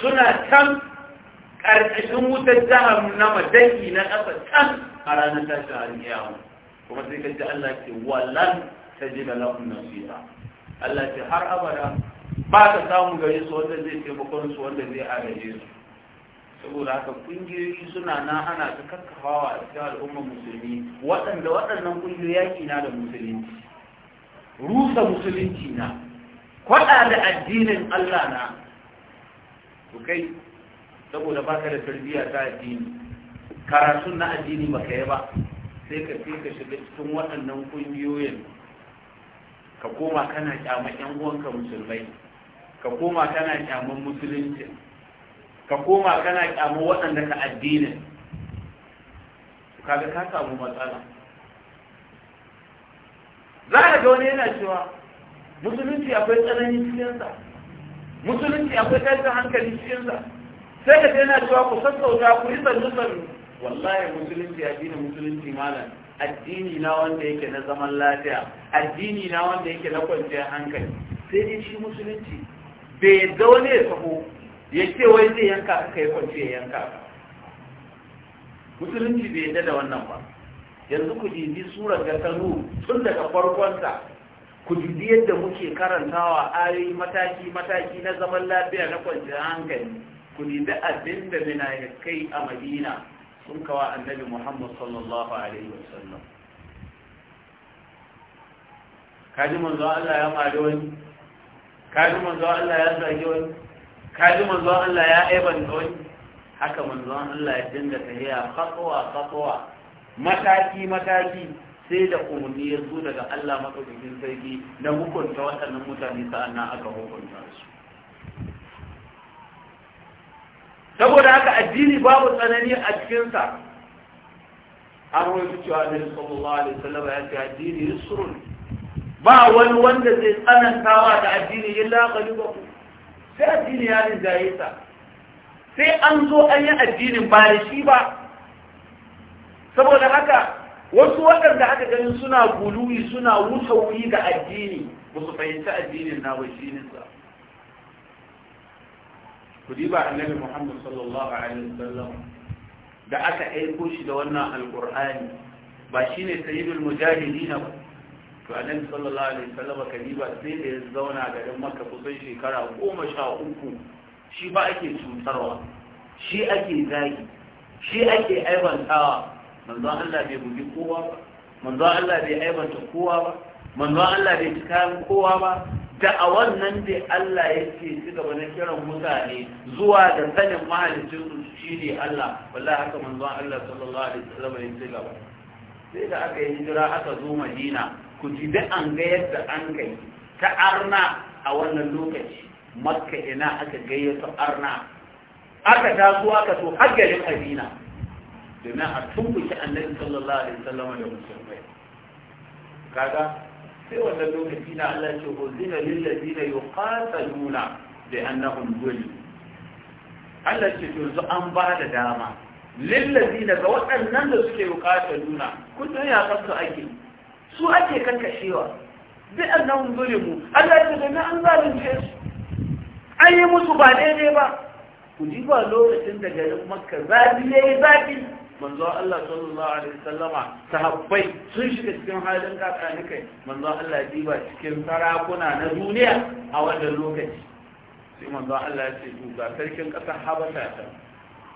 suna can ƙarƙashin wutar jahannama dangi na ƙasa can a ranar tashin alƙiyama kuma sai kaji Allah ce wallan tajid lahum nasira Allah ce har abada ba ka samu gare su wanda zai taimakon su wanda zai agaje su saboda haka kungiyoyi suna na ana ta kakkafawa a cikin al'ummar musulmi waɗanda waɗannan kungiyoyi yaƙi na da musulunci rusa musulunci na kwaɗa da addinin Allah na to kai saboda baka da tarbiyya ta addini karatun na addini baka yi ba sai ka sai ka shiga cikin waɗannan ƙungiyoyin ka koma kana kyaman ƴan uwanka musulmai ka koma kana kyaman musulunci ka koma kana kyaman waɗanda ka addinin kaga ka samu matsala za a ga wani yana cewa musulunci akwai tsanani cikinsa musulunci akwai tashin hankali cikinsa sai ka yana cewa ku sassauta ku yi sannu-sannu wallahi musulunci addinin musulunci malam addini na wanda yake na zaman lafiya addini na wanda yake na kwanciyar hankali sai dai shi musulunci bai yadda wani ya taho ya ce wai zai yanka ka kai kwanciyar yanka ka musulunci bai yadda da wannan ba yanzu ku jibi surar ga tanu tun daga farkonsa ku dubi yadda muke karantawa ayoyi mataki-mataki na zaman lafiya na kwanciyar hankali ku dubi abin da kai a madina sun kawa annabi muhammad sallallahu alaihi wasallam kaji manzo Allah ya mare wani kaji manzo Allah ya zage wani kaji manzo Allah ya aibanta wani haka manzo Allah ya dinga tahiya khatwa khatwa mataki mataki sai da umarni ya zo daga Allah maɗaukakin sarki na hukunta waɗannan mutane sa'an na aka hukunta su saboda haka addini babu tsanani a cikinsa an rufe cewa da ba da wasallam ya ce addini ya surun. ba wani wanda zai tsananta wa da addini ya ba ku. sai addini ya rinjaye sa sai an zo an yi addinin ba da shi ba saboda haka wasu waɗanda aka gani suna guluwi suna wutawi da addini ba su fahimci addinin na ba shi nisa ku diba annabi muhammad sallallahu alaihi wasallam da aka aiko shi da wannan alqur'ani ba shi shine sayyidul mujahidin ba to annabi sallallahu alaihi wasallam kaliba sai da ya zauna garin maka kusan shekara goma sha uku shi ba ake cutarwa shi ake zagi shi ake aibantawa manzo Allah bai bugi kowa ba manzo Allah bai aibanta kowa ba manzo Allah bai ci kayan kowa ba da'awar nan da Allah yake ci gaba na kiran mutane zuwa da sanin mahalicin su shine Allah wallahi haka manzo Allah sallallahu alaihi wasallam ya ci gaba sai da aka yi hijira aka zo Madina ku ji da an ga yadda an kai ta arna a wannan lokaci makka ina aka gayyato arna aka taso aka so har garin Madina domin a tumbuki annabi sallallahu alaihi wasallam da musulmai kaga sai wannan lokaci da Allah ce huzina lil ladina yuqataluna bi annahum zulim Allah ce to yanzu an ba da dama lil ladina ga waɗannan da suke yuqataluna kun san ya kasu ake su ake kankashewa bi annahum zulimu Allah ce domin an zalunce su an yi musu ba daidai ba ku ji ba lokacin da garin makka zafi yayi zafi manzo Allah sallallahu alaihi wasallama sahabbai sun shiga cikin halin kakani kai manzo Allah ya diba cikin sarakuna na duniya a wannan lokaci sai manzo Allah ya ce to ga sarkin kasar Habasha ta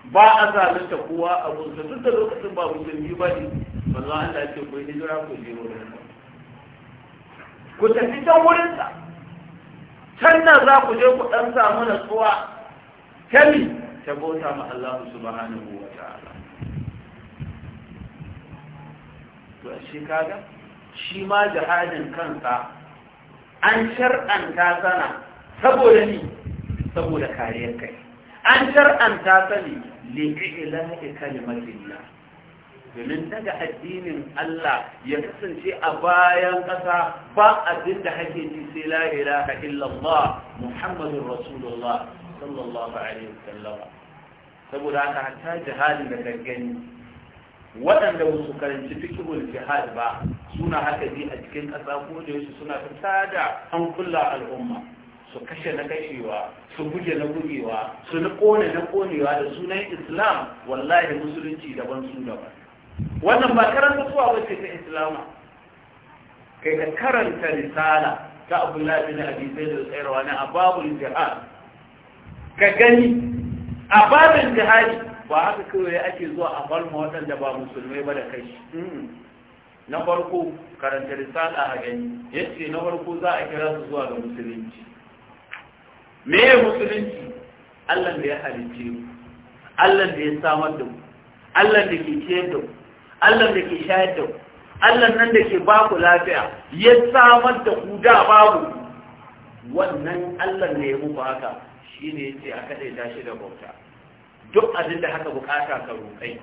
ba a zalunta kowa a gunsa duk da lokacin ba musulmi ba ne manzo Allah ya ce ku hijira ku je wurin ku tafi can wurin sa can nan za ku je ku dan samu natsuwa kami ta bauta ma Allah subhanahu wa ta'ala to a kaga shi ma jihadin kansa an shar'anta sana saboda ni saboda kariyar kai an shar'anta sani liƙi ilahi kalimatillah domin daga addinin Allah ya kasance a bayan ƙasa ba abin da hake ji sai la ilaha illallah muhammadun rasulullah sallallahu alaihi wasallam saboda aka hatta jihadin da gangani waɗanda ba su karanci fikihul jihad ba suna haka bi a cikin ƙasa ko da yaushe suna fita da hankula al'umma su kashe na kashewa su buge na bugewa su na ƙone na ƙonewa da sunan islam wallahi musulunci daban su daban wannan ba karanta suwa wace ta islama kai ka karanta risala ta abdullahi bin abi zaid al-qayrawa na ababul jihad ka gani a jihadi ba haka kawai ake zuwa a farma waɗanda ba musulmai ba da kai hmm. na farko karanta risala a gani yace na farko za a kira su zuwa ga musulunci me ya musulunci Allah da ya halicce mu Allah da ya samar da mu Allah da ke ciyar da mu Allah da ke shayar da mu Allah nan da ke baku lafiya ya samar da ku da babu wannan Allah ne ya muku haka shine yace a kaɗai tashi da bauta duk abin da haka bukata ka roƙai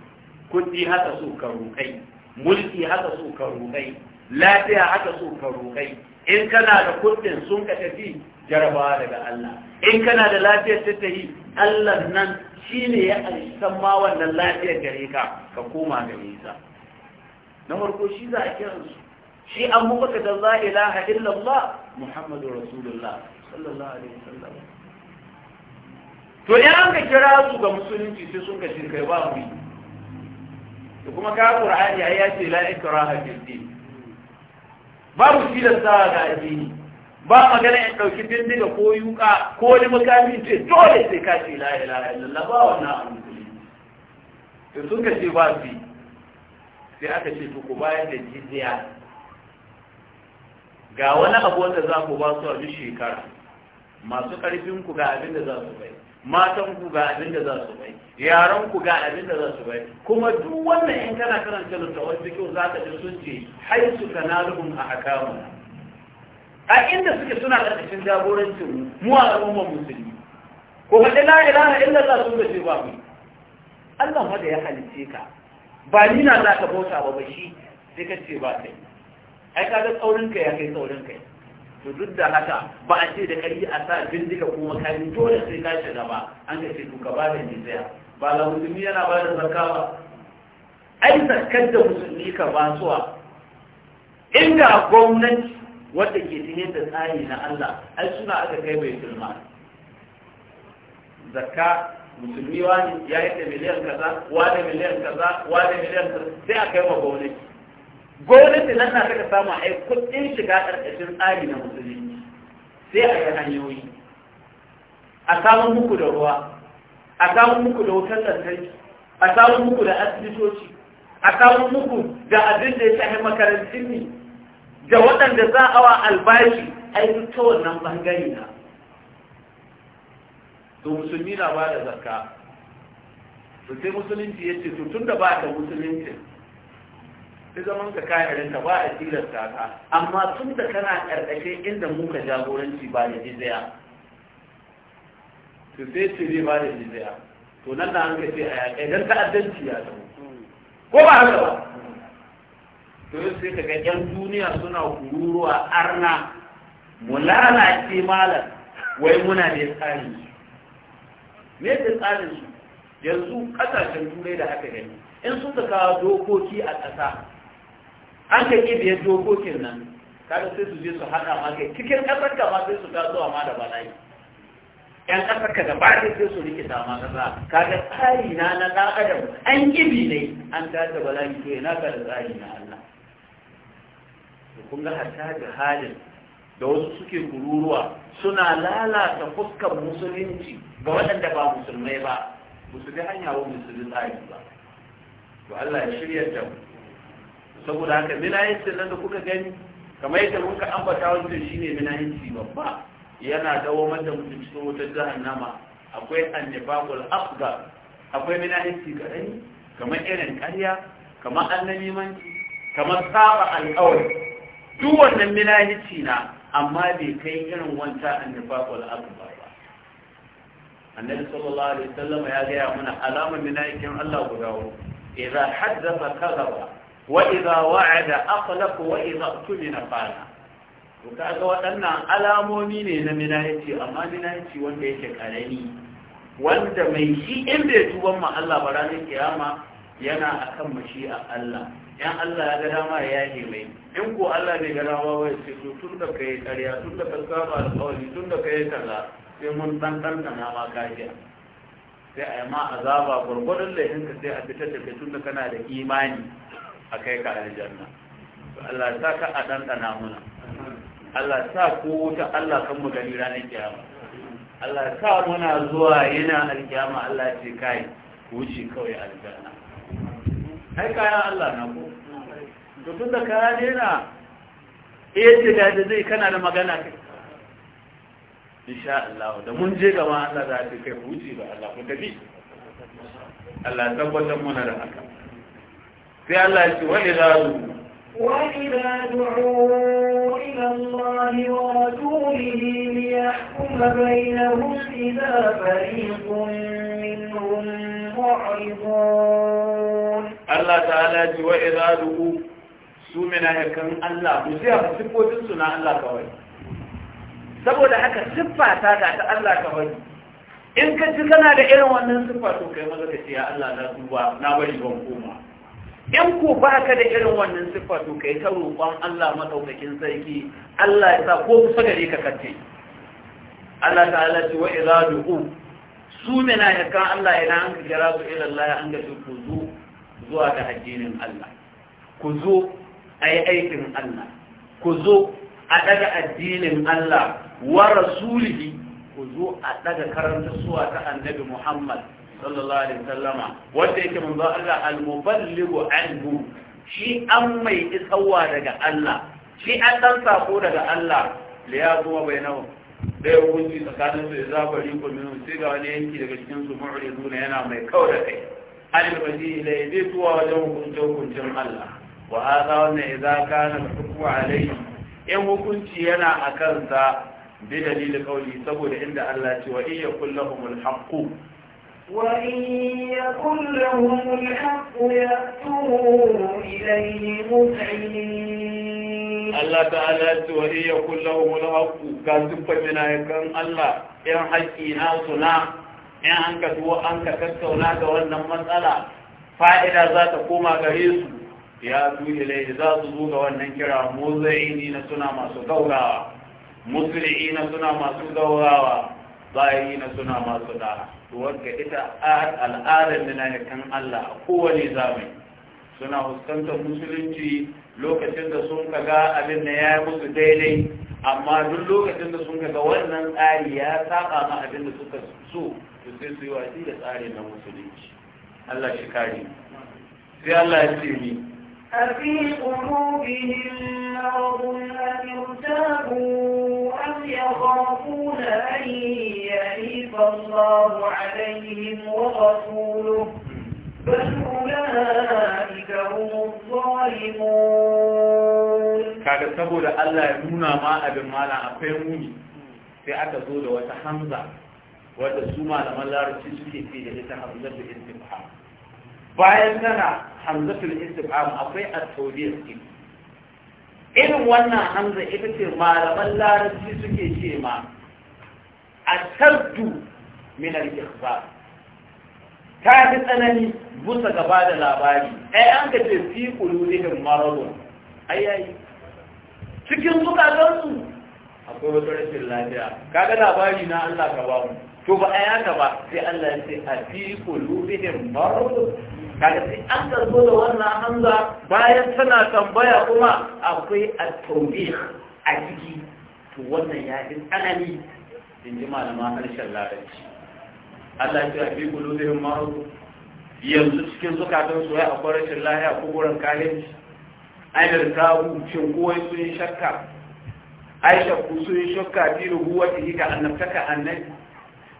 kuɗi haka so ka roƙai mulki haka so ka roƙai lafiya haka so ka roƙai in kana da kuɗin sun ka tafi jarabawa daga Allah in kana da lafiyar tattahi Allah nan shi ne ya san ma wannan lafiyar gare ka ka koma gare nisa. na farko shi za a kira su shi an muka da la ilaha illallah muhammadu rasulullah sallallahu alaihi wasallam to ya an ka kira su ga musulunci sai sun ka kai, ba mu yi da kuma ka qur'ani ai ya ce la ikraha fid din babu sa ga addini ba magana in dauki da ko yuka ko wani makami ce dole sai ka ce la ilaha illallah ba wannan abu to sun ka ce ba su sai aka ce to ku bayar da jizya ga wani abu wanda za ku ba su a duk shekara masu karfin ku ga abin da za su bai matan ku ga abin da za su bai yaran ku ga abin da za su bai kuma duk wannan in kana karanta littafin fiqh za ka ji sun ce haisu kanaluhum ahkamuna a inda suke suna ƙarƙashin jagorancin mu a al'ummar musulmi ko faɗi la ilaha illallah sun ce ba mu Allah ma da ya halice ka ba ni na za ka bauta ba ba shi sai ka ce ba kai ai ga tsaurin ka ya kai tsaurin kai to duk da haka ba a ce da kai a sa bindiga ko makami dole sai ka shiga ba an ka ce to ka ba da ni tsaya ba la musulmi yana ba da zakka ba ai zakkar da musulmi ka ba suwa inda gwamnati wadda ke cikin da tsari na Allah ai suna aka kai mai sulma zakka musulmi wani ya yi da miliyan kaza wani miliyan kaza wani miliyan kaza sai a kai ma gwamnati gwamnati nan na kaka samu a kudin shiga ƙarƙashin tsari na musulunci sai a yi hanyoyi a samun muku da ruwa a samun muku da wutar lantarki a samun muku da asibitoci a samun muku da abin da ya shafi makarantun ne da waɗanda za a wa albashi a yi ta wannan bangare na to musulmi na ba da zakka to sai musulunci ya ce to tun da ba da musulunci duk zaman ka kayarin ta ba a tilasta ka amma tun da kana karkashin inda muka jagoranci ba da jizya to sai ce ne ba da jizya to nan da an ka ce a yaƙai don ta'addanci ya zama ko ba haka ba to yau sai ka ga yan duniya suna kururuwa arna mu lalace malam wai muna da tsarin su me da tsarin su yanzu ƙasashen turai da aka gani in sun kawo dokoki a ƙasa an ka ƙi biyar dokokin nan kada sai su je su haɗa ma kai cikin ƙasar ka ma sai su taso ma da bala'i ƴan ƙasar ka da sai su rikita ma ƙasa kaga tsari na na ɗan adam an ƙibi ne an da bala'i to yana ka da tsari na Allah kun ga hatta da halin da wasu suke kururuwa suna lalata fuskar musulunci ga waɗanda ba musulmai ba musulmi hanya wa musulmi tsari ba to Allah ya shirya da mu saboda haka minahincin nan da kuka gani kamar yadda muka ambata wancan shine minahinci babba yana dawo da mutum cikin wutar jahannama akwai annabakul afga akwai minahinci kaɗani, kamar irin karya kamar annamimanci kamar saba alƙawar duk wannan minahici na amma bai kai irin wanta annabakul afga ba annabi sallallahu alaihi wasallam ya gaya mana alamar minahikin Allah guda wuri idza haddatha kadhaba وإذا وعد أخلف وإذا اؤتمن fara to kaga waɗannan alamomi ne na minayaci amma minayaci wanda yake karami wanda mai shi in bai tuban ma Allah ba ranar kiyama yana akan mashi'a Allah yan Allah ya ga dama ya yake mai in ko Allah bai gada ba ce to tun da kai ƙarya tun da ka alƙawari tun da kai kaza sai mun dan dan kana ma sai a yi ma azaba gwargwadon laifinka sai a fitar da kai tun da kana da imani a kai ka aljanna Allah sa ka a ɗanɗana muna Allah sa ko wuta Allah kan mu gani ranar kiyama Allah sa muna zuwa yana alkiyama Allah ce kai wuce kawai aljanna Kai kayan Allah na ko to tun da ka dena eh ce da zai kana da magana kai insha Allah da mun je gaba Allah za ta kai wuce ba Allah ku tafi Allah tabbatar muna da haka sai Allah ya ce wani zaru وإذا دعوا إلى الله ورسوله ليحكم بينهم إذا فريق منهم معرضون الله تعالى وإذا دعوا سمنا يكن الله وزيها فسفوة سنة الله كوي saboda haka siffa ta ga ta Allah ka in ka ji kana da irin wannan siffa to kai maza ka ce Allah na duba na bari ban koma in ku ba ka da irin wannan siffa to kai ta roƙon Allah madaukakin sarki Allah ya sa ko kusa gare ka kace Allah ta'ala ce wa idza du'u su ne na yaka Allah idan an kira su ila Allah an ga ku zo zuwa ga addinin Allah ku zo ayi aikin Allah ku zo a daga addinin Allah wa rasulihi ku zo a daga karanta suwa ta annabi Muhammad sallallahu alaihi sallama. wanda yake manzo Allah al-muballighu anhu shi an mai isawa daga Allah shi an dan sako daga Allah da ya kuma bainahu da ya hukunci tsakanin su da bari ko min sai ga wani yanki daga cikin su mu'riduna yana mai kawar da kai al-bazi la yadituwa wajen hukuncin hukuncin Allah wa hada wannan idza kana hukmu alayhi in hukunci yana akan sa bi dalilin kauli saboda inda Allah ce wa iya kullahumul haqqu وإن يكن لهم الحق يأتوا إليه مسعين الله تعالى وإن يكن لهم الحق كان تفهمنا يكن الله إن حكي ناسنا إن أنك تو أنك كتونا دولنا مسألة فائدة ذات قوما غريس يأتوا إليه ذات زوغة وننكرا مزعينين سنا ما سدورا مسرعين سنا ما سدورا ظاهرين سنا ما سدورا wadda ita al'adar nanakan Allah a kowane zamani suna fuskantar musulunci lokacin da sun kaga abin da ya yi musu daidai amma duk lokacin da sun kaga wannan tsari ya saba ma abin da suka so su sai su yi watsi da tsari na musulunci Allah shi kare sai Allah ya ce ni أفي قلوبهم مرض أم ارتابوا أم يخافون أن يحيف الله عليهم ورسوله بل أولئك هم الظالمون kaga saboda Allah ya nuna ma abin malam akwai muni sai aka zo da wata hamza wadda su malaman larabci suke fi da ita hamzar da muhammad bayan tana hamzatul istifham akwai at-tawbiyah din irin wannan hamza ita ce malaman larabci suke ce ma at-tardu min al-ikhbar ta fi tsanani busa gaba da labari ai an ka ce fi qulubihim maradun ayayi cikin zukatansu akwai wata rashin lafiya kaga labari na Allah ka ba mu to ba a yaka ba sai Allah ya ce a fi qulubihim maradun kaga sai an karbo da wannan hamza bayan tana tambaya kuma akwai at-tawbih a ciki to wannan ya fi tsanani in ji malama harshen larabci Allah ya fi kulubihim ma'ruf yanzu cikin zukatan su ya akwai rashin lahiya ko gurin kalinci ai ta huce kowai sun shakka Aisha ku sun shakka bi rubuwati ga annabtaka annabi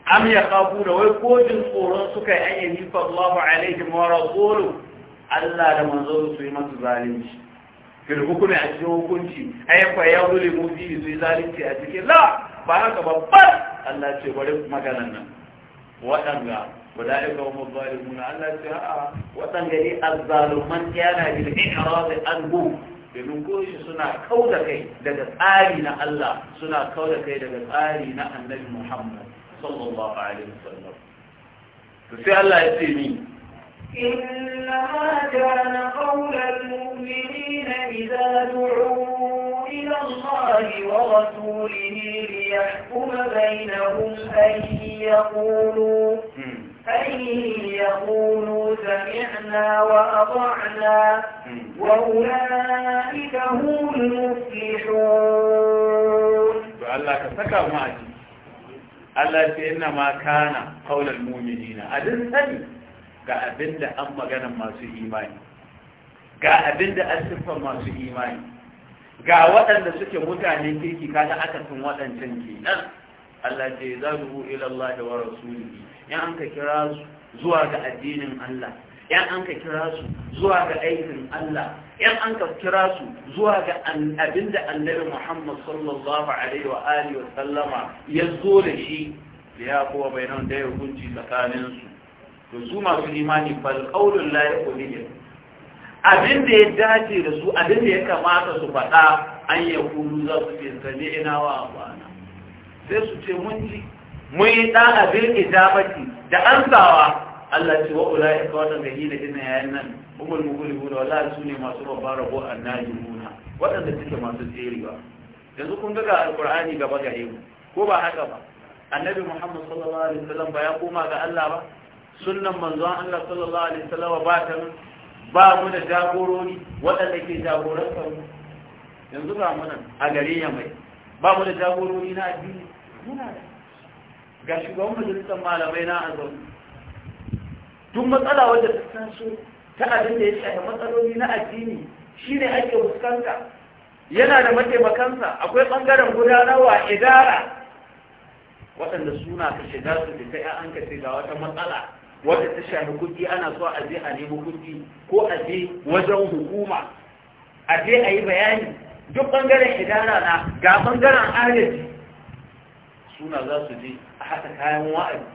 am ya kafu da wai kojin tsoron suka yi an yi nifa Allahu alaihim wa rasulu Allah da manzo su yi masu zalunci fil hukumi a cikin hukunci ai fa ya zule mu bi su yi zalunci a cikin la ba haka babbar Allah ce bari maganan nan waɗanga wadai ka mu zalimuna Allah ce a'a waɗanga ne azzaluman yana bil i'rad anhu domin koshi suna kauda kai daga tsari na Allah suna kauda kai daga tsari na Annabi Muhammad صلى الله عليه وسلم sai Allah ya إنما كان قول المؤمنين إذا دعوا إلى الله ورسوله ليحكم بينهم أن يقولوا أن يقولوا سمعنا وأطعنا وأولئك هم المفلحون فألا كسكى معك Allah sai inna ma kana mumini mu'minina a din sani ga an magana masu imani ga abinda asiffan masu imani ga waɗanda suke mutane kirki kaga aka tun waɗancan kenan Allah ce zaluhu ila Allah wa rasulihi in an ka kira zuwa ga addinin Allah yan an ka kira su zuwa ga aikin Allah yan an ka kira su zuwa ga abinda annabi Muhammad sallallahu alaihi wa alihi wa sallama ya zo da shi da ya kowa bainan da ya hukunci tsakaninsu. su to su masu imani fal qaulul la abin da ya dace da su abin da ya kamata su faɗa an ya kuru za su ce sami ina wa abana sai su ce mun ji mun yi ɗan abin ijabati da ansawa Allah ce wa ula ka wannan gahi da ina yayin nan umul mughlibu da wala su ne masu babban rabo annajuna waɗanda suke masu tserewa yanzu kun daga ga alqur'ani gaba gare mu ko ba haka ba annabi Muhammad sallallahu alaihi wasallam ba ya koma ga Allah ba sunnan manzon Allah sallallahu alaihi wasallam ba ta ba mu da jagorori waɗanda ke jagoran mu yanzu ga mu nan a gare ya mai ba mu da jagorori na addini muna da ga shugaban majalisar malamai na azumi duk matsala wadda ta su ta abin da ya shafi matsaloli na addini shine ake fuskanta yana da mataimakansa akwai bangaren gudanarwa idara waɗanda suna ka shiga su da ta an ka ga wata matsala wadda ta shafi kuɗi ana so a je a nemi kuɗi ko a je wajen hukuma a je a yi bayani duk bangaren idara na ga bangaren agaji suna za su je a haɗa kayan wa'azi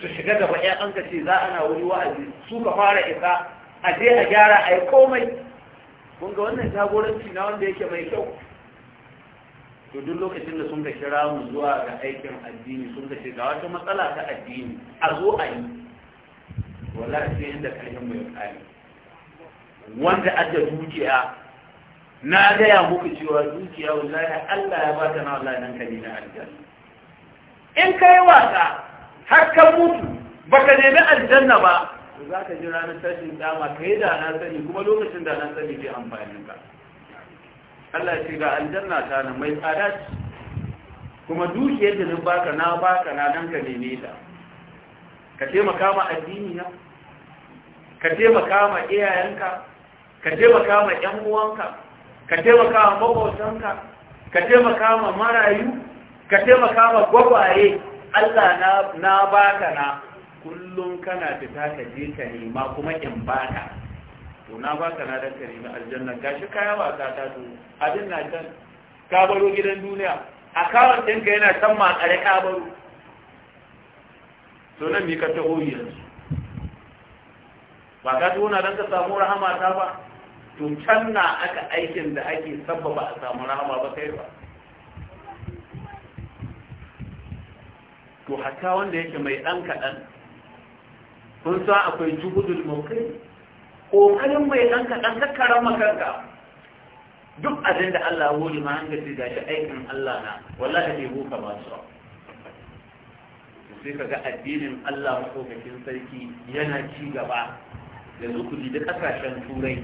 su shiga gaba ƴaƴanka ce za ana wuri wa'azi su ka fara isa a je a gyara a yi komai kun ga wannan jagoranci na wanda yake mai kyau to duk lokacin da sun ka kira mu zuwa ga aikin addini sun ka ce ga wata matsala ta addini a zo a yi a ce inda karfin mai kari wanda adda dukiya na gaya muku cewa dukiya wallahi Allah ya ba ta na wallahi nan kani na aljanna in kai wasa har ka mutu ka nemi aljanna ba za ka ji ranar tashin dama ka yi da na sani kuma lokacin da na sani ke amfani ka Allah ce ga aljanna ta nan mai tsada ce kuma dukiyar da baka na baka na nan ka neme ta ka taimaka ma addini na ka taimaka ma iyayenka ka taimaka ma yan uwanka ka taimaka ma mabautanka ka taimaka ma marayu ka taimaka ma gwagwaye Allah na baka na kullum kana fita ka je ka nema kuma in baka to na baka na dan ka nemi aljanna gashi kaya ba ka ta to abin na can ka baro gidan duniya akawun ɗinka yana can ma kare ka baro to nan mi ka yanzu ba ka tona dan ka samu rahama ta ba to can na aka aikin da ake sabbaba a samu rahama ba kai ba to hatta wanda yake mai ɗan kaɗan kun sa akwai juhudul mulki ƙoƙarin mai ɗan kaɗan kakkaran makanka duk abin da Allah wuri ma an gaji shi aikin Allah na wallahi ne ka ba su sai ka ga addinin Allah maɗaukakin sarki yana ci gaba yanzu ku da kasashen turai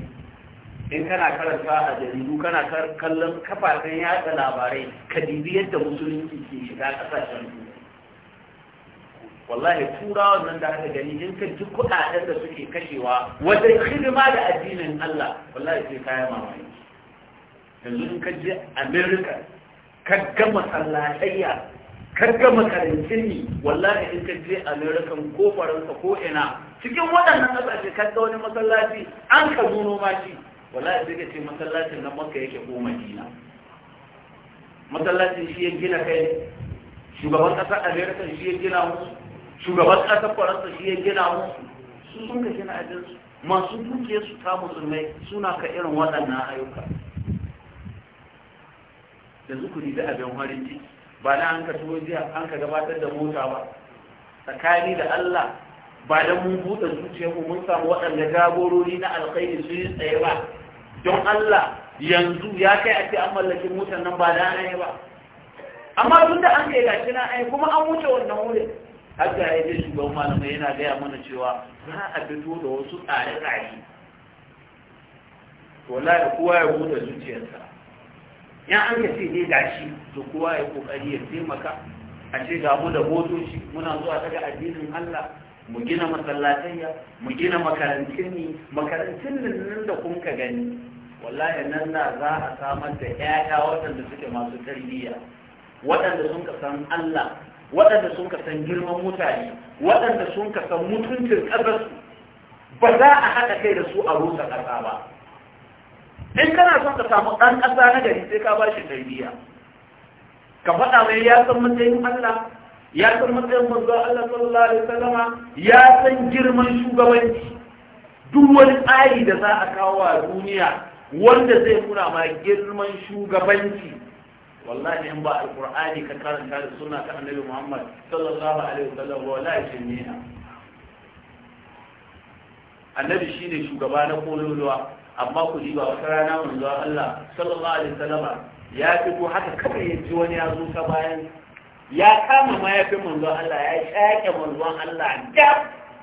in kana karanta a jaridu kana kallon kafafen yatsa labarai ka dibi yadda musulunci ke shiga ƙasashen turai wallahi turawan nan da aka gani in ka ji kuɗaɗen da suke kashewa wajen hidima da addinin Allah wallahi sai kaya mamaki yanzu in ka je America ka ga masallatayya ka ga makarantun ni wallahi in ka je America ko Faransa ko ina cikin waɗannan ƙasashe ka ga wani masallaci an ka nuno ma shi wallahi sai ka ce masallacin nan maka yake ko Madina masallacin shi ya gina kai shugaban ƙasar America shi ya gina musu shugaban ƙasar faransa shi ya gina musu su sun ka gina ajinsu masu duke su ta musulmai suna ka irin waɗannan ayyuka yanzu ku da abin farin ciki ba na an ka tuwo jiya an ka gabatar da mota ba tsakani da allah ba da mun buɗe zuciyarmu mun samu waɗanda jagorori na alkhairi sun yi tsaye ba don allah yanzu ya kai a ce an mallaki motar nan ba da an yi ba amma tun da an kai gashi na ai kuma an wuce wannan wurin haka ya je shugaban malamai yana gaya mana cewa za a fito da wasu tsare-tsare wallahi kowa ya buɗe zuciyarsa ya an ka ce ne gashi to kowa ya kokari ya taimaka a ce ga mu da motoci muna zuwa daga addinin Allah mu gina masallatayya mu gina makarantun ne makarantun nan da kun ka gani wallahi nan da za a samar da ƴaƴa waɗanda suke masu tarbiyya waɗanda sun ka san Allah waɗanda sun ka san girman mutane waɗanda sun ka san mutuncin ƙasarsu ba za a haɗa kai da su a rusa ƙasa ba in kana son ka samu ɗan ƙasa na gari sai ka ba shi tarbiyya ka faɗa mai ya san matsayin Allah ya san matsayin manzo Allah sallallahu alaihi wasallama ya san girman shugabanci duk wani tsari da za a kawo a duniya wanda zai nuna ma girman shugabanci wallahi in ba alqur'ani ka karanta da sunna ta annabi Muhammad sallallahu alaihi wasallam wallahi ne? annabi shine shugaba na kololuwa amma ku ji ba wata rana manzo Allah sallallahu alaihi wasallam ya fi ko haka kada ya ji wani ya zo ta bayan ya kama mayafin manzo Allah ya shaƙe manzon Allah gab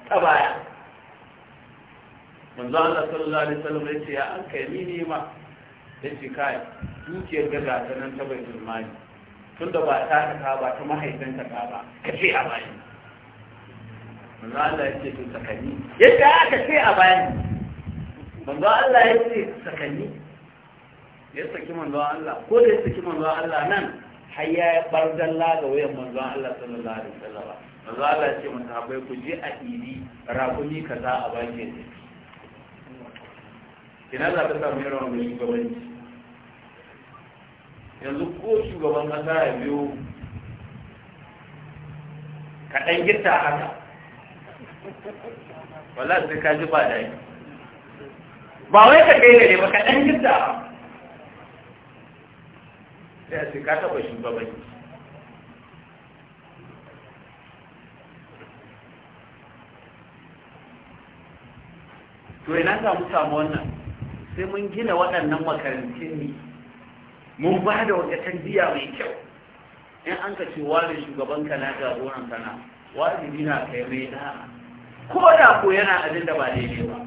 ta baya manzo Allah sallallahu alaihi wasallam ya ce ya an kai ni ne ma ya ce kai dukiyar da gata nan ta bai mali tun da ba ta ka ba ta mahaifin ta ka ba ka ce a bayan manzo Allah ya ce to sakani yadda aka ce a bayan manzo Allah ya ce sakani ya saki manzo Allah ko da ya saki manzo Allah nan har ya bar zalla ga wayan manzo Allah sallallahu alaihi wasallam manzo Allah ya ce mun sahabbai ku je a idi rakumi kaza a bayan ina za ta samu yaron da shugabanci yanzu ko shugaban kasa ya biyo kaɗan gita haka wala sai ka ji ba da yi ba wai ka kai ne ba kaɗan gita sai a sai ka taɓa shugabanci to ina za mu samu wannan sai mun gina waɗannan makarantun ne mun ba da wata tarbiya mai kyau in an ka ce wani shugaban ka na jagoran ka na wajibi na kai mai da'a ko da ko yana abin da ba daidai ba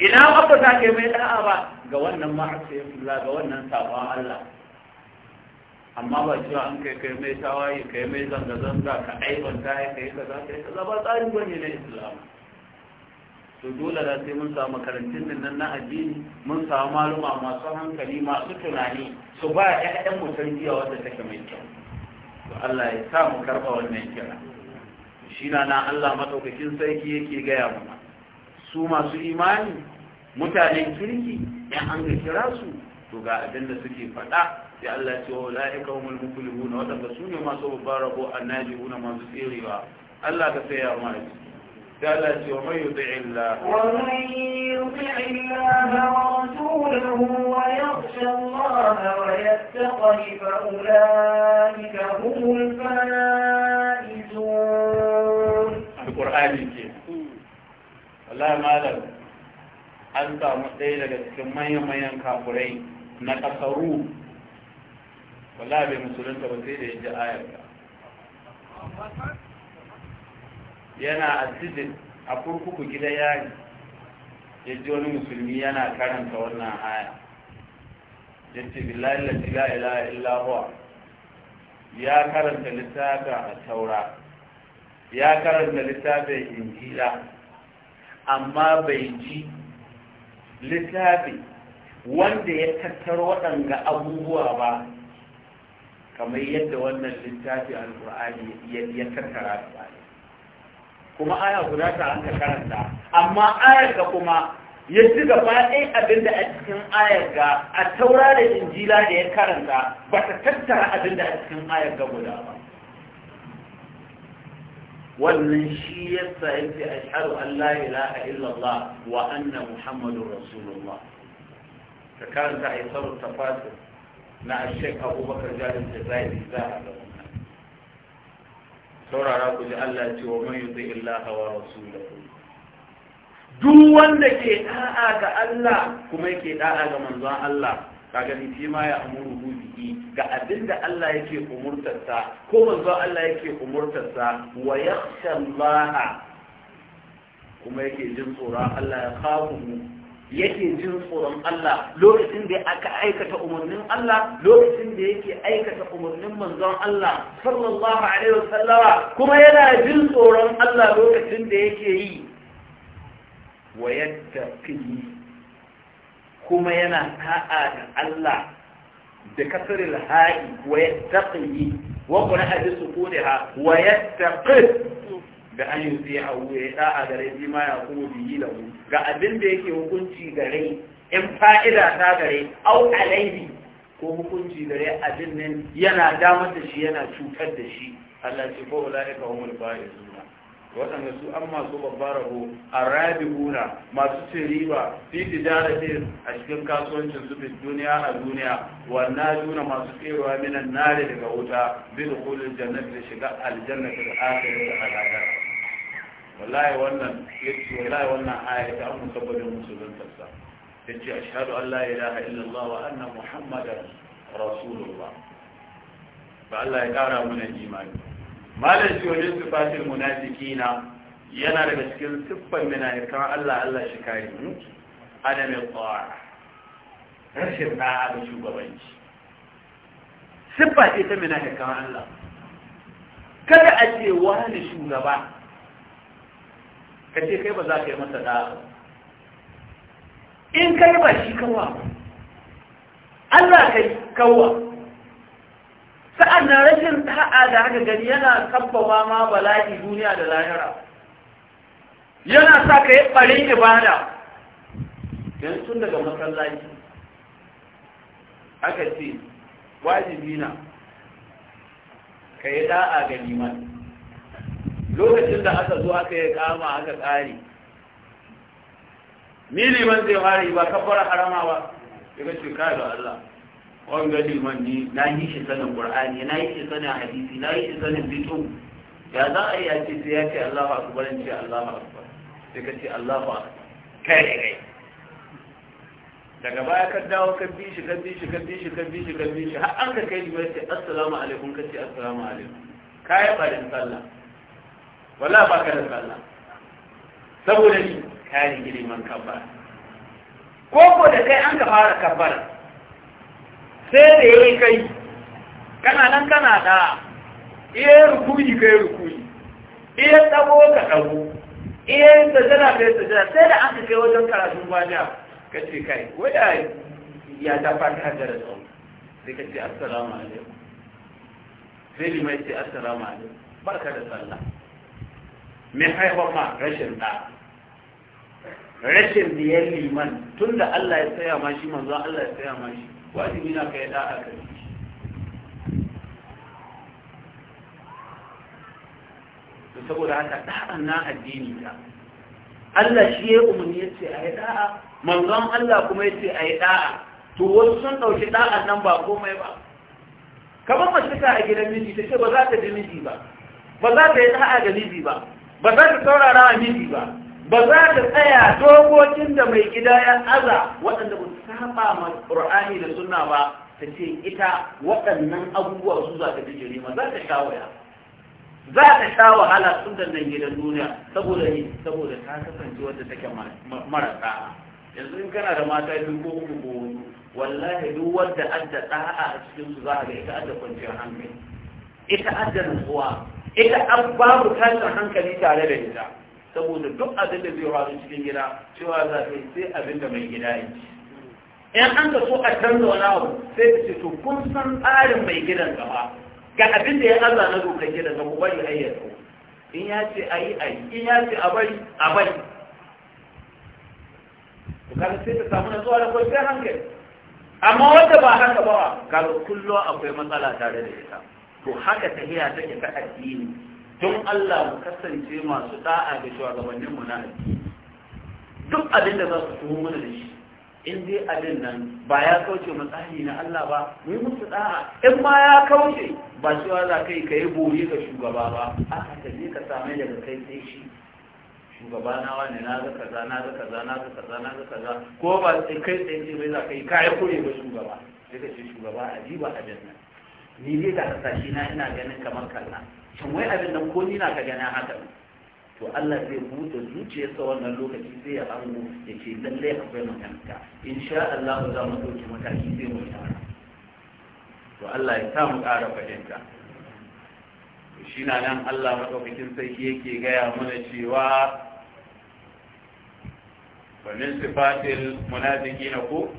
ina abba za ka yi mai da'a ba ga wannan ma'asiyatullah ga wannan sabon Allah amma ba cewa an kai kai mai tawaye kai mai zanga-zanga ka aibanta ya kai kaza kai kaza ba tsarin bane na islam to dole da sai mun samu makarantun din nan na addini mun samu maluma masu hankali masu tunani su ba ƴaƴan mu tarbiyya wanda take mai kyau to Allah ya sa mu karɓa wannan kira shi na Allah madaukakin sarki yake gaya mana su masu imani mutanen kirki ɗan an ga kira su to ga abin da suke faɗa sai Allah ya ce wa la'ika humul muflihuna wadanda su ne masu babbar rabo annajihuna masu tserewa Allah ka saya mana ثلاث ومن يطع الله ومن يطع الله ورسوله ويخشى الله ويتقي فأولئك هم الفائزون القرآن الكريم والله ما أنت مستعد لكم من يمين كافرين نكسروا والله بمسلمة وسيدة جاء آية yana asijin a kurkuku gida yari ya ji wani musulmi yana karanta wannan aya ya ce billahi lati la ya karanta littafin a taura ya karanta littafin injila amma bai ji littafi wanda ya tattara waɗanga abubuwa ba kamar yadda wannan littafi alƙur'ani ya tattara su kuma aya guda ta an ka karanta amma ayar kuma ya ci gaba ɗin abin da a cikin ayar ga a taura da injila da ya karanta ba ta tattara abin da a cikin ayar ga guda ba wannan shi ya sa ya ce ashharu an la ilaha illallah wa anna muhammadur rasulullah ka karanta aisaru tafasir na ashek abubakar jarin jazairi za a gaba saurara ku ji Allah ce wa man hawa illaha wa rasulahu duk wanda ke da'a ga Allah kuma yake da'a ga manzon Allah kaga ni fi ma ya amuru bihi ga abinda Allah yake umurtarsa ko manzon Allah yake umurtarsa wa yakhsha Allah kuma yake jin tsoron Allah ya khafu yake jin tsoron Allah lokacin da aka aikata umarnin Allah lokacin da yake aikata umarnin manzon Allah sallallahu alaihi wasallama kuma yana jin tsoron Allah lokacin da yake yi wa yattaqi kuma yana ta'a da Allah da kasar al-ha'i wa yattaqi wa qul hadithu qulaha wa yattaqi da an yi tsaye a wuya ya a gare bi ma ya kuma biyi mu. ga abin da yake hukunci gare in fa'ida ta gare au alaihi ko hukunci gare abin nan yana damar da shi yana cutar da shi Allah ce ko ula'ika humul fa'izuna waɗanda su an masu babbarahu a rabihuna masu ce riba fi ce a cikin kasuwancin su fi duniya a duniya na juna masu tsewa minan nare daga wuta bi da jannati da shiga aljanna da akhirin da wallahi wannan yace wallahi wannan aya ta an musabbabin musulunta sa yace ashhadu an la ilaha illallah wa anna muhammadar rasulullah ba Allah ya kara mana imani malam shi wajen sifatil na, yana daga cikin siffar munafikan Allah Allah shi kare mu adam al-ta'a rashin da'a da shugabanci siffa ce ta munafikan Allah kada a ce wani shugaba ka ce kai ba za ka yi masa da in kai ba shi kawa Allah kai kawa sa'an na rashin ta'a da haka gani yana kabbawa ma bala'i duniya da lahira yana sa ka yi ɓarin ibada yanzu tun daga masallaci aka ce wajibi na ka yi da'a ga liman lokacin da aka zo aka yi kama aka ƙari ni liman zai fara yi ba kafara harama ba ya ga ce kai da Allah wanga liman ni na yi shi sanin qur'ani na yi shi sanin hadisi na yi shi sanin bitu ya za a yi a ce sai ya ce Allahu akbar in ce Allahu akbar sai ka ce Allahu akbar kai kai daga baya ka dawo ka bi shi ka bi shi ka bi shi ka bi shi ka bi shi har an ka kai liman ce assalamu alaikum ka ce assalamu alaikum kai barin sallah wala ba ka da sallah saboda ni kayan girman kabbara ko ko da kai an ka fara kabbara sai da yayi kai kana nan kana da iya rukuyi kai rukuyi iya tsago ka tsago iya sajada kai sajada sai da an ka kai wajen karatun bada ka ce kai waya ya ta fata da tsawo sai ka ce assalamu alaikum sai limai ce assalamu alaikum barka da sallah mai haifar ma rashin da rashin da ya liman tun da Allah ya tsaya ma shi manzo Allah ya tsaya ma shi wajibi na kai da aka yi. to saboda haka da'an na addini ta Allah shi ya umarni ya ce a yi da'a manzon Allah kuma ya ce a yi da'a to wasu sun ɗauki da'an nan ba komai ba kamar mace ta a gidan miji ta ce ba za ta ji miji ba ba za ta yi da'a ga miji ba ba za ta saurara a miji ba ba za ta tsaya dokokin da mai gida ya aza waɗanda ba su saba ma ƙur'ani da sunna ba ta ce ita waɗannan abubuwa su za ta bijire ma za ta sha za ta sha wahala sun da nan gidan duniya saboda ni saboda ta kasance wadda take mara ɗa'a yanzu in kana da mata biyu ko uku ko wani wallahi duk wadda adda ɗa'a a cikin su za ka ga ita adda kwanciyar hankali ita adda nutsuwa ita an babu tashin hankali tare da ita saboda duk abin da zai faru cikin gida cewa za ta yi sai abin da mai gida ya ci in an ka so a canza wani abu sai ta ce to kun san tsarin mai gidan gaba ga abin da ya aza na dokar gidan ga ku bari ayyata in ya ce a yi a yi in ya ce a bari a bari to kan sai ta samu na zuwa da kwanciyar hankali amma wanda ba haka ba ga kullum akwai matsala tare da ita to haka hiya take ta addini don Allah mu kasance masu da'a ga shugabannin mu na addini duk abin da za su tuhu mana da shi in dai abin nan ba ya kauce matsayi na Allah ba mu yi musu da'a in ma ya kauce ba cewa za kai ka yi bori ga shugaba ba a'a ka je ka same daga kai sai shi shugaba na wani na ga kaza na ga kaza na ga kaza na ga kaza ko ba kai sai ce bai za ka yi kayan kure ba shugaba sai ka ce shugaba a abin ba nan ni ne ga kasashe na ina ganin kamar kalla shin wai abin nan ko ni na ka ganin haka to Allah zai buɗe zuciyarsa wannan lokaci sai ya hango ya ce lallai akwai makaranta insha Allah za mu ɗauki mataki sai mu tara to Allah ya sa mu ƙara fahimta shi na nan Allah maɗaukakin sarki yake gaya mana cewa ومن صفات المنافقين ko?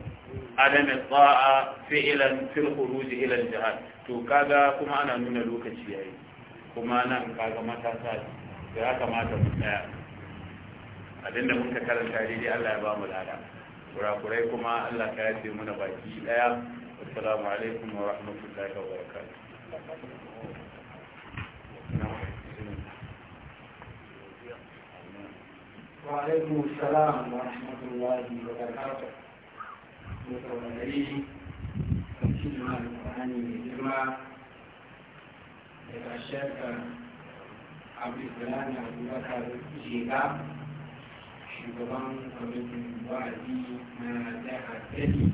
عدم الطاعة فعلا في الخروج إلى الجهاد to kaga kuma ana nuna lokaci yayi kuma nan kaga matasa da ya kamata mu tsaya abinda muka karanta dai Allah ya ba mu lada kurakurai kuma Allah ka yafe muna baki daya assalamu alaikum wa rahmatullahi wa barakatuh وعليكم السلام ورحمة الله وبركاته. ترجمة القرآن الجمعة الشيخ عبد السلام أبو بكر شيباب shugaban kwamitin wa'azi na jihar Kebbi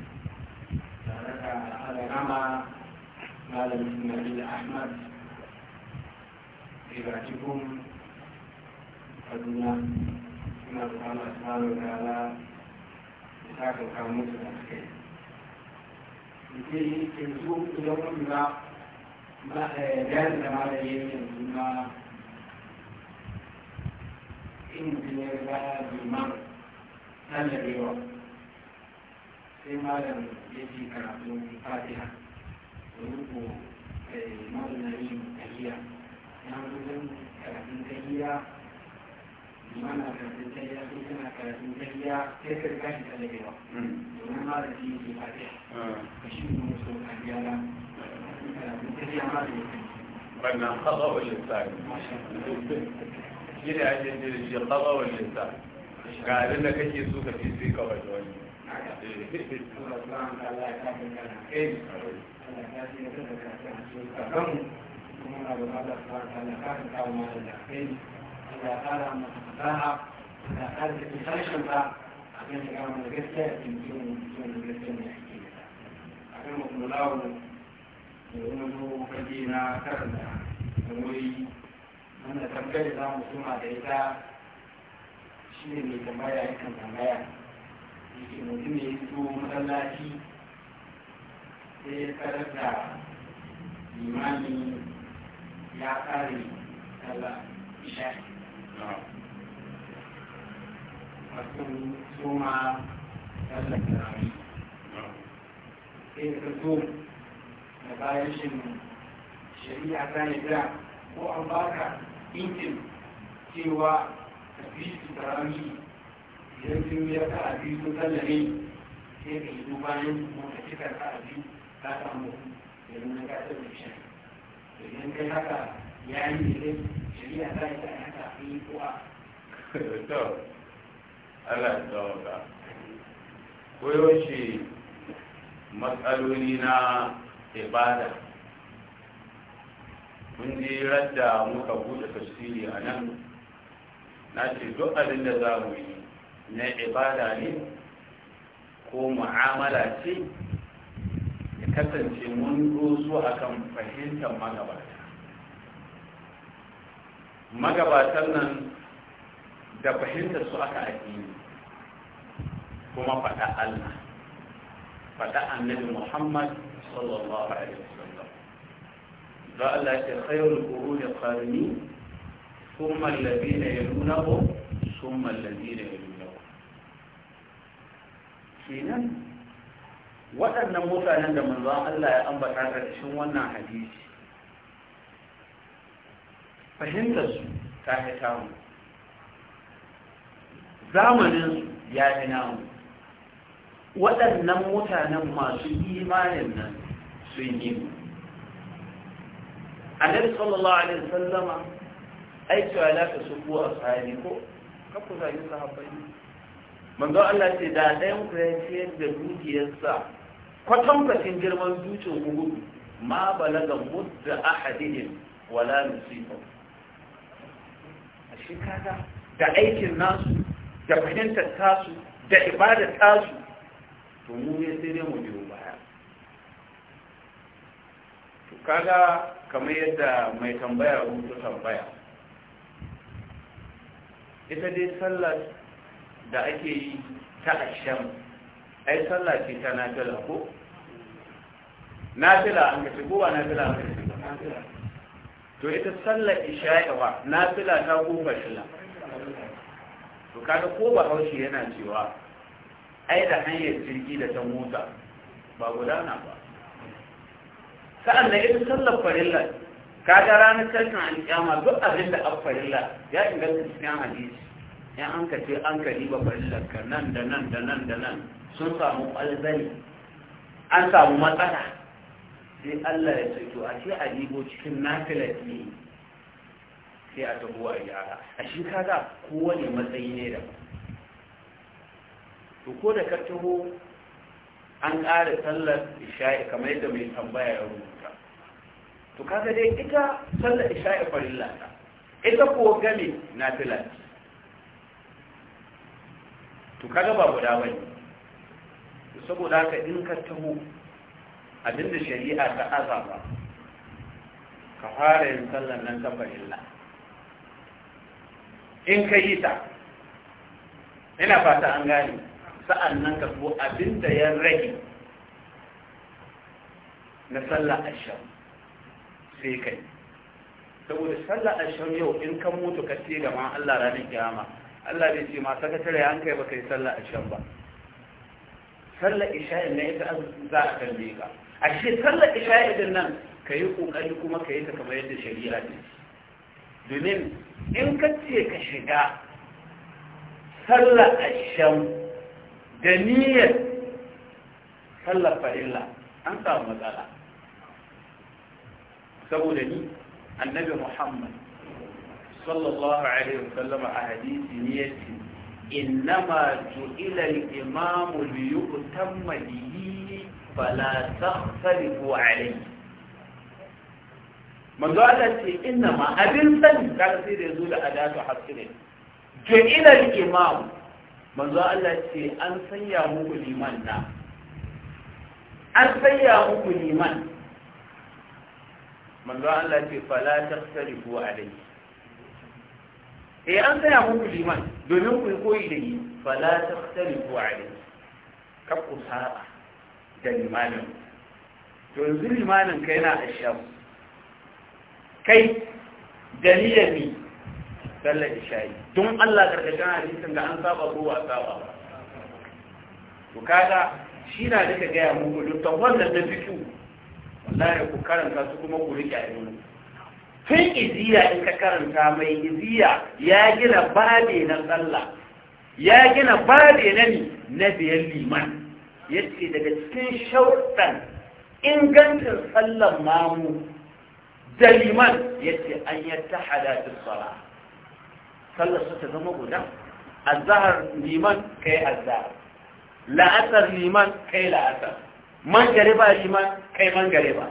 tare da alarama malam Ismail Ahmad daga cikin Kaduna suna da kama tsaro da ala da ta kankan musu da suka yi. sai yanzu idan kun lura bayanin da malam ya yi yanzu na in mutum ya riga liman tallarewa sai malam ya ci karatun fatiha domin ko malam na yin tahiya ya mutum karatun tahiya mana karatun tayya in kana karatun tayya sai ka riga shi tsallakewa domin mara shi yake fatiha ka shi ne musu a biyara karatun tayya mara yake wannan kaza wa lissani shi ne ake jira shi kaza wa lissani ga abin da kake so ka fi sai kawai da wani kuma na da ba da fara talaka ta kawo mara da kai ya kara mu raha ya kara da harshen ba a kan da gama da gaskiya a cikin kiwon kiwon da gaskiya ne ake da a kan mu kula wa da wani zo fage na karanta da wuri wanda tambayar za mu suma da ita shi ne mai tambaya kan tambaya yake mutum ya fito masallaci sai ya karar da limani ya kare kala isha'i shari'a ta yi da ko an baka intin cewa ka fi su tarami idan sun ya ka a biyu sun tallare sai ka yi bayan kuma ka cika ka a biyu ka samu idan na ka tsaye shi idan kai haka ya yi ne shari'a ta yi da yi kuwa to Allah ko matsaloli na ibada mun ji radda muka buɗe tafsiri a nan na ce duk abin da za mu yi na ibada ne ko mu'amala ce ya kasance mun zuwa akan fahimtar magabata magabatan nan da fahimtar su aka addini kuma faɗa Allah faɗa annabi Muhammad sallallahu alaihi wasallam da Allah ya khairul quruni qarni thumma alladhina yalunahu thumma alladhina yalunahu kenan waɗannan mutanen da manzon Allah ya ambata ƙarshen wannan hadisi fahimtar ta fi tamu zamaninsu ya fi namu waɗannan mutanen masu imanin nan sun yi mu annabi sallallahu alaihi wasallama ai cewa la ta subu ashabi ko kafu zai sahabbai manzo Allah ce da ɗayan ku ya ciyar da dukiyarsa kwatankwacin girman dukiyar ku gudu ma balaga mudda ahadihim wala nusifa shi da aikin nasu da fahimtar tasu da ibadar tasu to mu ne sai dai mu biyo baya to kaga kamar yadda mai tambaya rubutu tambaya ita dai sallar da ake yi ta asham ai sallah ce ta nafila ko nafila an ka kowa ko ba nafila an ka to ita sallar isha'i wa nafila ta goma shila to kada ko ba haushi yana cewa ai da hanyar jirgi da ta mota ba gudana ba sa'an da ita sallar farilla kada ranar tashin alƙiyama duk abin da an farilla ya inganta cikin hadisi in an ka ce an ka riba farillar ka nan da nan da nan da nan sun samu ƙwalzali an samu matsala sai Allah ya ceto a ce a dibo cikin nafilat ne sai a tabo a gyara a shi kaga kowane matsayi ne da to ko da ka taho an ƙara sallar isha'i kamar yadda mai tambaya ya rubuta to kaga dai ita sallar isha'i farilla ta ita ko gami nafila to kaga ba guda bane saboda haka in ka taho abinda shari'a ta azaba ka fara yin sallar nan ta farilla in ka yi ta yana fata an gani sa'an nan ka so abinda ya rage na sallar asham sai kai saboda sallar asham yau in kan mutu ka ce gama Allah ranar kiyama Allah bai ce masu sakatare an kai ba ka yi sallar asham ba sallar isha'in na ita za a kalle ka ashe sallar isha'i din nan ka yi ƙoƙari kuma ka yi ta kamar yadda shari'a ne domin in ka ce ka shiga sallar asham da niyyar sallar farilla an samu matsala saboda ni annabi muhammad sallallahu alaihi wasallam a hadisi ne yace innama ju'ila al-imamu li fala takhtalifu alayhi manzo Allah ce inna ma abin sani kaga sai da yazo da adatu hasrin to ila imam manzo Allah ce an sanya muku liman na an sanya muku liman manzo Allah ce fala takhtalifu alayhi eh an sanya muku liman domin ku koyi da ni fala takhtalifu alayhi kar ku saba da limanin to yanzu limanin kai na asham kai da niyami sallar isha'i don Allah karkashin hadisin da an saba ko wa saba ba shi na duka gaya muku dukkan wannan na fiku wallahi ku karanta su kuma ku rike a yau tun iziya in ka karanta mai iziya ya gina bade na sallah ya gina bade na ni na biyan liman yace daga cikin shauɗan ingancin sallan mamu da liman yace an yatta hadatin sala sallar su ta zama guda azahar liman kai azahar la'asar liman kai la'asar man mangariba liman kai mangariba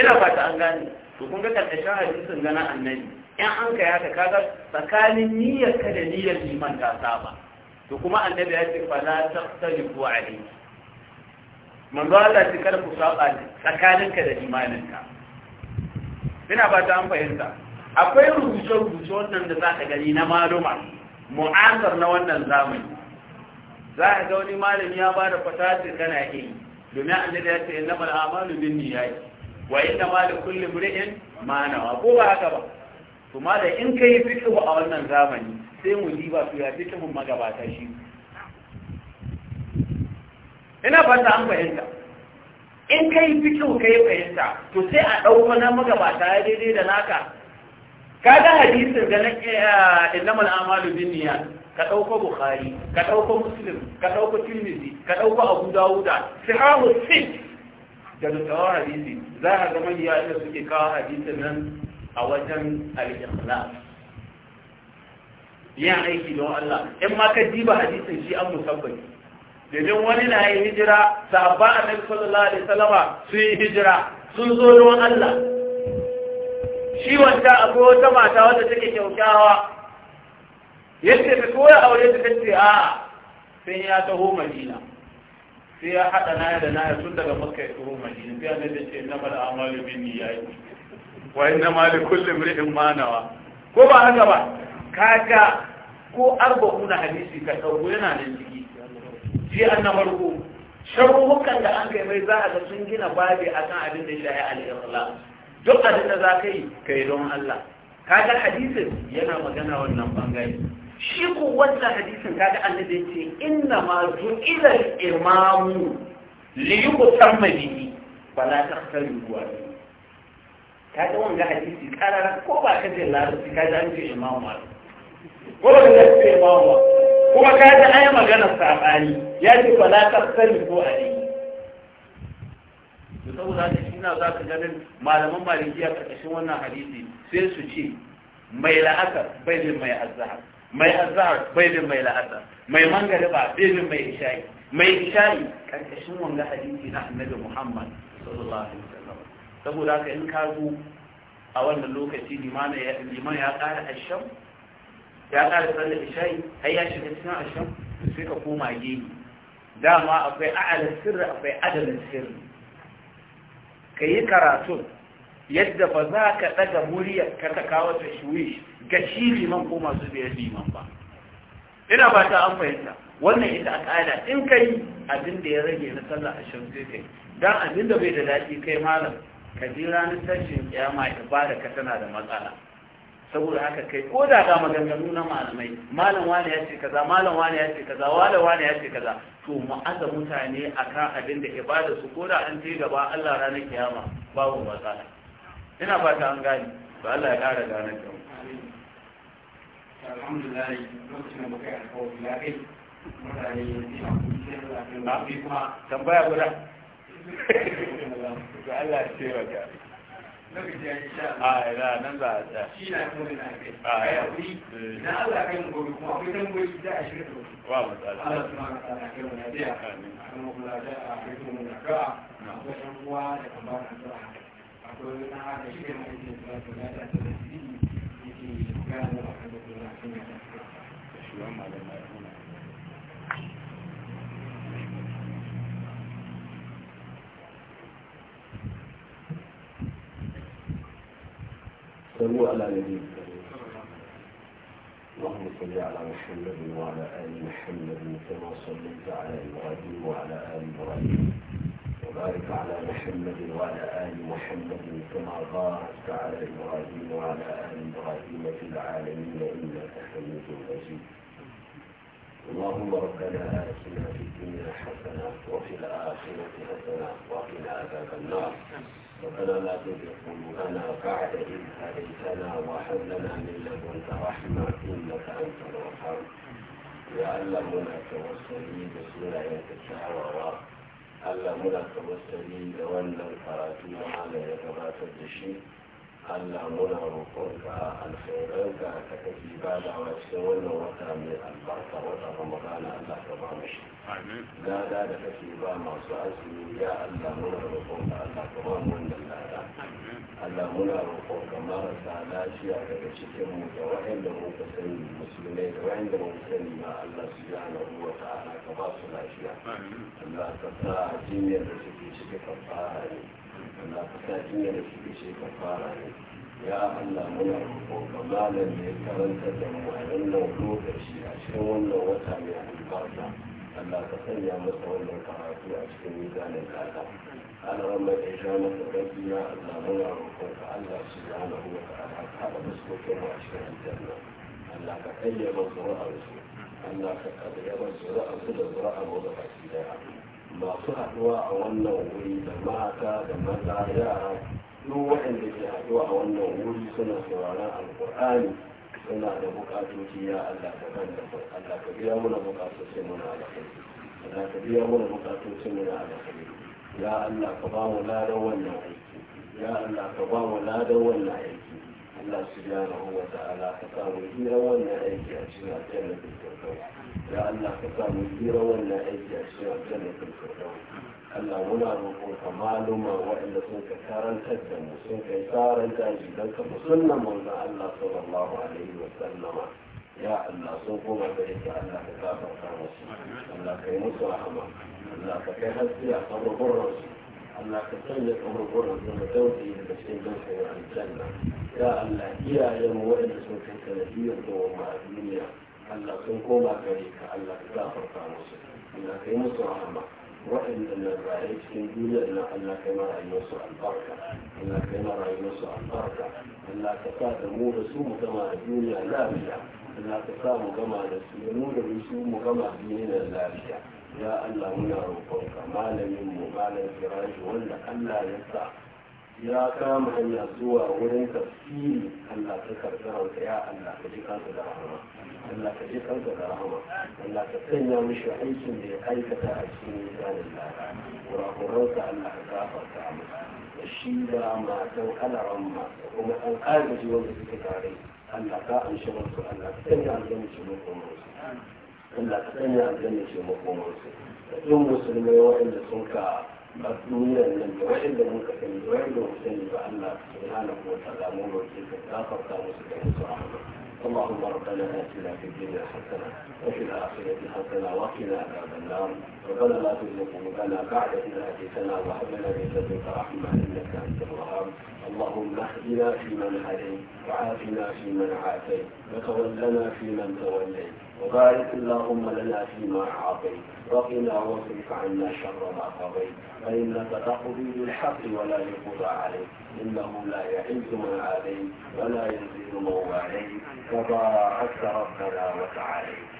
ina ba fata an gane to kun ga karshen hadisin gana annabi in an kai haka kaga tsakanin niyyar ka da niyyar liman ta saba to kuma annabi ya ce fa la taqtalifu alayhi manzo Allah shi kada ku saba tsakaninka da imaninka ina ba ta an fahimta akwai rubuce-rubuce wannan da za ka gani na maluma mu'azar na wannan zamani za ka ga wani malami ya ba da fatati kana yi domin annabi ya ce inna mal amalu bin niyyati wa inna ma li kulli imrin ma ko ba haka ba to malai in kai fiqh a wannan zamani sai mu diba su ya fiqh magabata shi ina ba ta an fahimta in ka yi fikin ka yi fahimta to sai a ɗauko na magabata ya daidai da naka ka ga hadisin da na eh, ah, innamal amalu bin ka ɗauko bukhari ka ɗauko muslim ka ɗauko tirmidhi ka ɗauko abu dawuda sahahu sit da dukkan hadisi za ka ga manya inda suke kawo hadisin nan a wajen al-ikhlas yin aiki don Allah in ma ka diba hadisin shi an musabbai domin wani na yi hijira sabba a nan sallallahu alaihi salama su yi hijira sun zo ruwan Allah shi wanda akwai wata mata wadda take kyaukyawa yadda ta koya aure ta kace a sai ya taho madina sai ya haɗa naya da naya tun daga makka ya taho madina sai annabi ya ce na mal amalu bin yayi wa inna ma li kulli imrin ma nawa ko ba haka ba kaga ko arba'una hadisi ka dauko yana nan fi na farko sharruhukan da an kai mai za a ga sun gina babi kan abin da shahi al'irla duk abin da za ka yi yi don Allah kaga hadisin yana magana wannan bangare shi ko wanda hadisin kaga annabi ce inna ma ju'ila al-imamu li yuqtamma bihi fala tahtaju wa ga wanga hadisi karara ko ba ka je larabci kaga an ce imamu ko ba ka ce imamu kuma ka ji ai magana sabani ya ce fa la tasani ko alayhi to saboda haka shi na zaka ganin malaman malikiya karkashin wannan hadisi sai su ce mai la'asar bai da mai azhar mai azhar bai da mai la'asar mai mangariba bai da mai isha'i mai isha'i karkashin wanga hadisi na annabi Muhammad sallallahu alaihi wasallam saboda haka in ka zo a wannan lokaci liman ya limana ya ƙara ashab ya ƙara sallar shayi, har ya shiga cikin ashan sai ka koma gini. dama akwai a'alar sirri akwai adalin sirri ka yi karatu yadda ba za ka ɗaga muryar ka ta kawo ta shuwish ga shi liman ko masu biyar liman ba ina ba ta an fahimta wannan ita al'ada in kai abin da ya rage na sallar ashirin sai kai dan abin da bai da daɗi kai malam ka ji ranar tashin kiyama ibada ka tana da matsala saboda haka kai ko da ga maganganu na malamai malam wani ya ce kaza malam wani ya ce kaza wala wani ya ce kaza to mu aza mutane akan abin da ibada su ko da an je gaba Allah ranar kiyama babu matsala ina fata an gani To Allah ya kara gane ka alhamdulillah lokacin da muka yi alƙawari ya kai mutane ne kuma tambaya guda Allah ya tsira ka a ila nan za a tsaya shi na kuma na kai a yauri na Allah kai mu gobe kuma akwai tambayoyi da a shirya wa matsala Allah kuma ka tsara kai mu lafiya kuma kula da a kai mu na ka akwai ɗan uwa da kan ba na zuwa akwai na haka shi da mai yin zuwa kula da ta da sirri yake gano a kan da kula da kan da ta shi wa malama صلوا على نبيك اللهم صل على محمد وعلى آل محمد كما صليت على إبراهيم وعلى آل إبراهيم وبارك على محمد وعلى آل محمد كما باركت على إبراهيم وعلى آل إبراهيم في العالمين إنك حميد مجيد اللهم ربنا آتنا في الدنيا حسنة وفي الآخرة حسنة وقنا عذاب النار ربنا لا تزغ قلوبنا بعد إذ هديتنا وهب لنا من لدنك رحمة إنك أنت الوهاب يا الله منا توسلي بسورة التشهر Allah muna tawassali da wannan karatu da Allah ya gabatar da shi Allah muna roƙonka alkhairanka ta da a cikin wannan wata mai albarka wata ramadana Allah ka ba mu shi gada da kake ba masu azumi ya Allah muna roƙonka Allah ka ba mu wannan lada Allah muna roƙonka marasa lafiya daga cikin mu da wa'anda mu ka sani musulmai da wa'anda mu sani ma Allah subhanahu wa ta'ala ka ba su lafiya Allah ka sa jimiyar da suke ciki ka fara ne na fasakiyar shi ce ka fara ya Allah muna roƙonka malam ne karanta da mu a wannan lokaci a cikin wannan wata mai albarka Allah ka sanya masa wannan karatu a cikin mizanin kasa ana ramar ya sha masa gaji ya Allah muna roƙonka Allah su ya na ruwa ka alaka da fuskokin mu a cikin aljanna Allah ka kayyama zura'arsu Allah ka kayyama zura'arsu da zura'ar mu da baki daya masu haɗuwa a wannan wuri da mata da maza yara duk waɗanda ke haɗuwa a wannan wuri suna sauraron alƙur'ani suna da buƙatoci ya Allah kan da Allah ka biya muna buƙatocin muna alƙairi Allah ka biya muna buƙatocin muna alƙairi ya Allah ka ba mu ladan wannan aiki ya Allah ka ba mu ladan wannan aiki Allah subhanahu wa ta'ala ka samu hira wannan aiki a cikin aljannatul firdaus ya Allah ka samu hira wannan aiki a cikin aljannatul firdaus Allah muna roƙon ka maluma waɗanda sun ka karantar da mu sun kai tsarin daji don ka musulman manzon Allah sallallahu alaihi wa sallama ya Allah sun koma gare ka Allah ka gafarta musu Allah kai musu rahama Allah ka kai haske a kaburburansu Allah ka sanya kaburburan zama dauki daga cikin daukin aljanna ya Allah iyayen waɗanda sun kai sanadiyar da wamma a duniya Allah sun koma gare ka Allah ka gafarta musu Allah ka yi musu rahama waɗanda na raye cikin duniyar nan Allah ka yi ma rayuwarsu albarka Allah ka yi ma rayuwarsu albarka Allah ka sa da mu da su mu gama a duniya lafiya Allah ka sa mu gama da su da mu da su mu gama duniyar lafiya ya Allah muna roƙonka malamin mu malam firashi wanda Allah ya sa ya kama hanya zuwa wurin tafsiri Allah ta karɓi ranka ya Allah ka ji kansa da rahama Allah ka ji kansa da rahama Allah ka sanya mishi aikin da ya aikata a cikin misalin lara kurakuransa Allah ka gafarta masa da shi da matan alaramma da kuma an agaji wanda suke tare Allah ka amshi masu Allah ka sanya aljanci mutum musu Allah ka sanya aljanna ce makomarsu da ɗin musulmai waɗanda sun ka a duniyar nan da waɗanda mun ka sani da waɗanda mun sani ba Allah subhanahu wa ta'ala mun roƙe ka gafarta musu da musu rahama اللهم ربنا اتنا في الدنيا حسنه وفي الاخره حسنه وقنا عذاب النار ربنا لا تزغ قلوبنا بعد اذ هديتنا وهب لنا من لدنك رحمه انك انت الوهاب اللهم اهدنا فيمن هديت وعافنا فيمن عافيت وتولنا فيمن توليت وبارك اللهم لنا فيما أعطيت وقنا واصرف عنا شر ما قضيت فإنك تقضي بالحق ولا يقضى عليك إنه لا يعز من عليك ولا يزيد من عليك تباركت ربنا وتعاليك